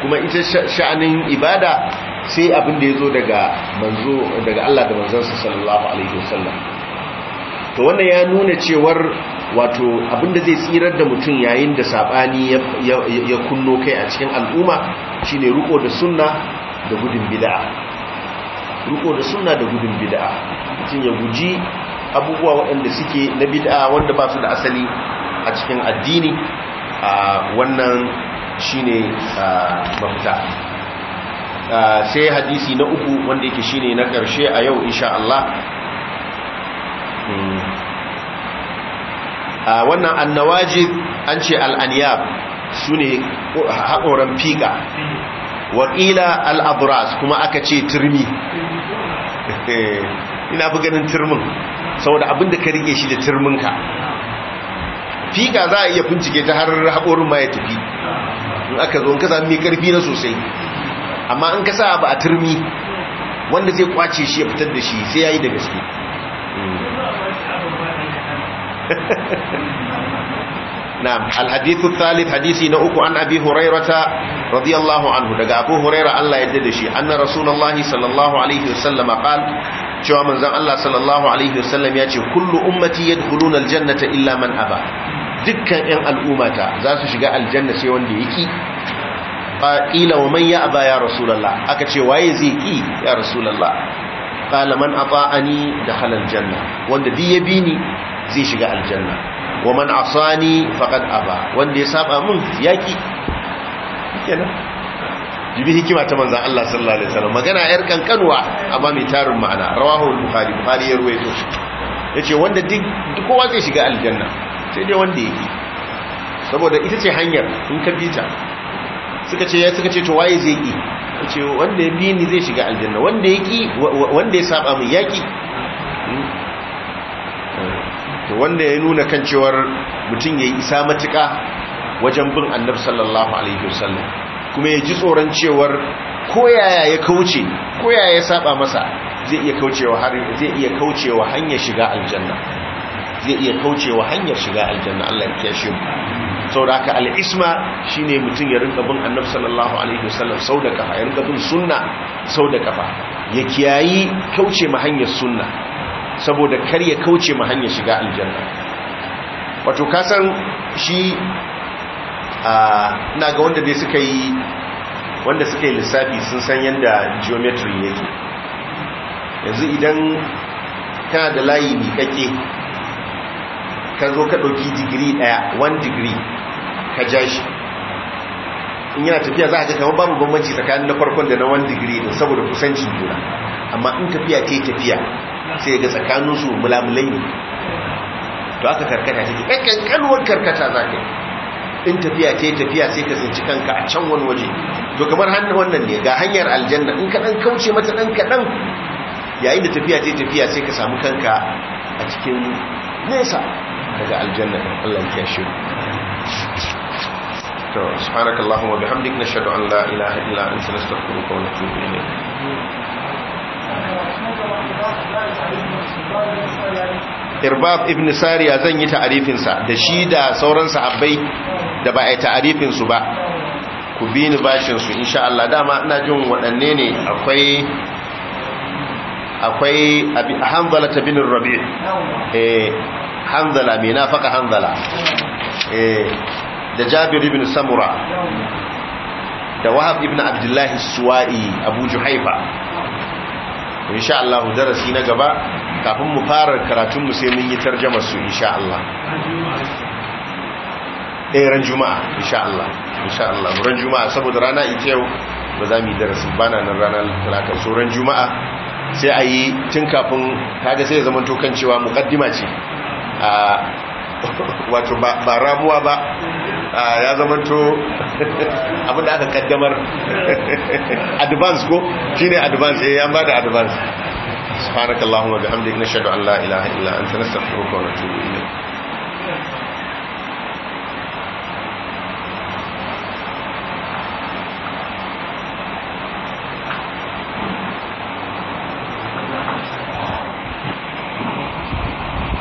kuma ita sha'anin ibada sai abin da ya zo daga manzo daga Allah da manzansa sallallahu alaihi wasallam to wannan ya nuna cewar wato abinda zai tsirar da mutum yayin da sabani ya kunno kai a cikin al'umma shine ruko da sunna da gudun bid'a ruko da sunna da gudun bid'a mutum ya guji abubuwa waɗanda suke na bid'a wanda ba su da asali a cikin addini a wannan shine mafita sai hadisi na uku wanda yake shine na ƙarshe a yau insha Allah wannan annawaji an ce al'aniyab su ne haƙoran fiƙa waƙila al'aburas kuma aka ce turmi eh, ina fi ganin turmin saboda abinda ka rike shi da turminka fiƙa za a iya bincike ta har haƙorin ma ya tafi in aka zo in ka sami ƙarfi na sosai amma in ka sa ba a turmi wanda zai kwace shi ya fitar da shi sai ya yi da gaske hmm. [laughs] na'am alhadithu thalith hadisi na uku an abi hurairata radiyallahu anhu daga abu huraira Allah yadda da shi ana rasulullahi sallallahu alaihi wasallam qala cewa manzon Allah sallallahu alaihi wasallam ya ce kullu ummati yadkhuluna aljannata illa man aba dukkan yan al'ummata za su shiga aljanna sai wanda ya qila wa man ya aba ya rasulullah aka ce waye zai ki ya rasulullah qala man ata'ani dakhala aljanna wanda bi ya bi zai shiga aljanna wa man asani faqad aba wanda ya saba mun yaki kenan jibi hikima ta manzon Allah sallallahu alaihi wasallam magana yar kankanwa amma mai tarin ma'ana rawahu al-bukhari bukhari ya ruwaito yace wanda duk kowa zai shiga aljanna sai dai wanda yake saboda ita ce hanyar in ka bi ta suka ce ya suka ce to waye zai yi ce wanda ya bi ni zai shiga aljanna wanda ya wanda ya saba mun yaki hmm. to wanda ya nuna kan cewar mutum ya yi isa matuƙa wajen bin annab sallallahu alaihi wasallam kuma ya ji tsoron cewar koyaya ya kauce koyaya ya saba masa zai iya kaucewa har zai iya kaucewa hanyar shiga aljanna zai iya kaucewa hanyar shiga aljanna Allah ya kiyashe mu saboda haka Isma shine mutum ya rinka bin annab sallallahu alaihi wasallam sau da kafa ya rinka bin sunna sau da kafa ya kiyayi kauce ma hanyar sunna saboda kar ya kauce ma hanyar shiga aljanna wato kasan shi na ga wanda dai suka yi wanda suka yi lissafi sun san yadda geometry yake yanzu idan kana da layi kake ka zo ka ɗauki digiri ɗaya 1 digiri ka ja shi in yana tafiya za a ga kamar babu bambanci tsakanin na farkon da na 1 digiri ne saboda kusancin juna amma in tafiya ta tafiya sai ga tsakaninsu mulamulai ne to aka karkata take ƙanƙanuwar karkata za ka in tafiya ce tafiya sai ka sanci kanka a can wani waje to kamar hannun wannan ne ga hanyar aljanna in ka dan kauce mata ɗan kaɗan yayin da tafiya ce tafiya sai ka samu kanka a cikin nesa daga aljanna Allah ya shi to subhanakallahumma bihamdika nashhadu an la ilaha illa anta nastaghfiruka wa natubu ilayk irbab ibn sariya zan yi ta'arifinsa da shi da sauran sahabbai da ba a yi ta'arifinsu ba ku bi ni bashinsu insha Allah dama ina jin waɗanne ne akwai akwai hanzala ta binin rabi eh hanzala mai na faka hanzala eh da jabir ibn samura da wahab ibn abdullahi suwa'i abu juhaifa insha Allah darasi na gaba kafin mu fara karatun mu sai mun yi tarjuma su insha Allah eh ran juma'a insha Allah insha Allah ran juma'a saboda rana ita yau ba za mu yi darasi bana nan ranar talaka so ran juma'a sai a yi tun kafin kaga sai ya zama to kan cewa muqaddima ce a ah, wato ba ramuwa ba ya zamanto [laughs] abinda aka kaddamar [laughs] advance ko shine advance eh an bada advance subhanakallahumma bihamdika nashhadu an la ilaha illa anta nastaghfiruka wa natubu ilayk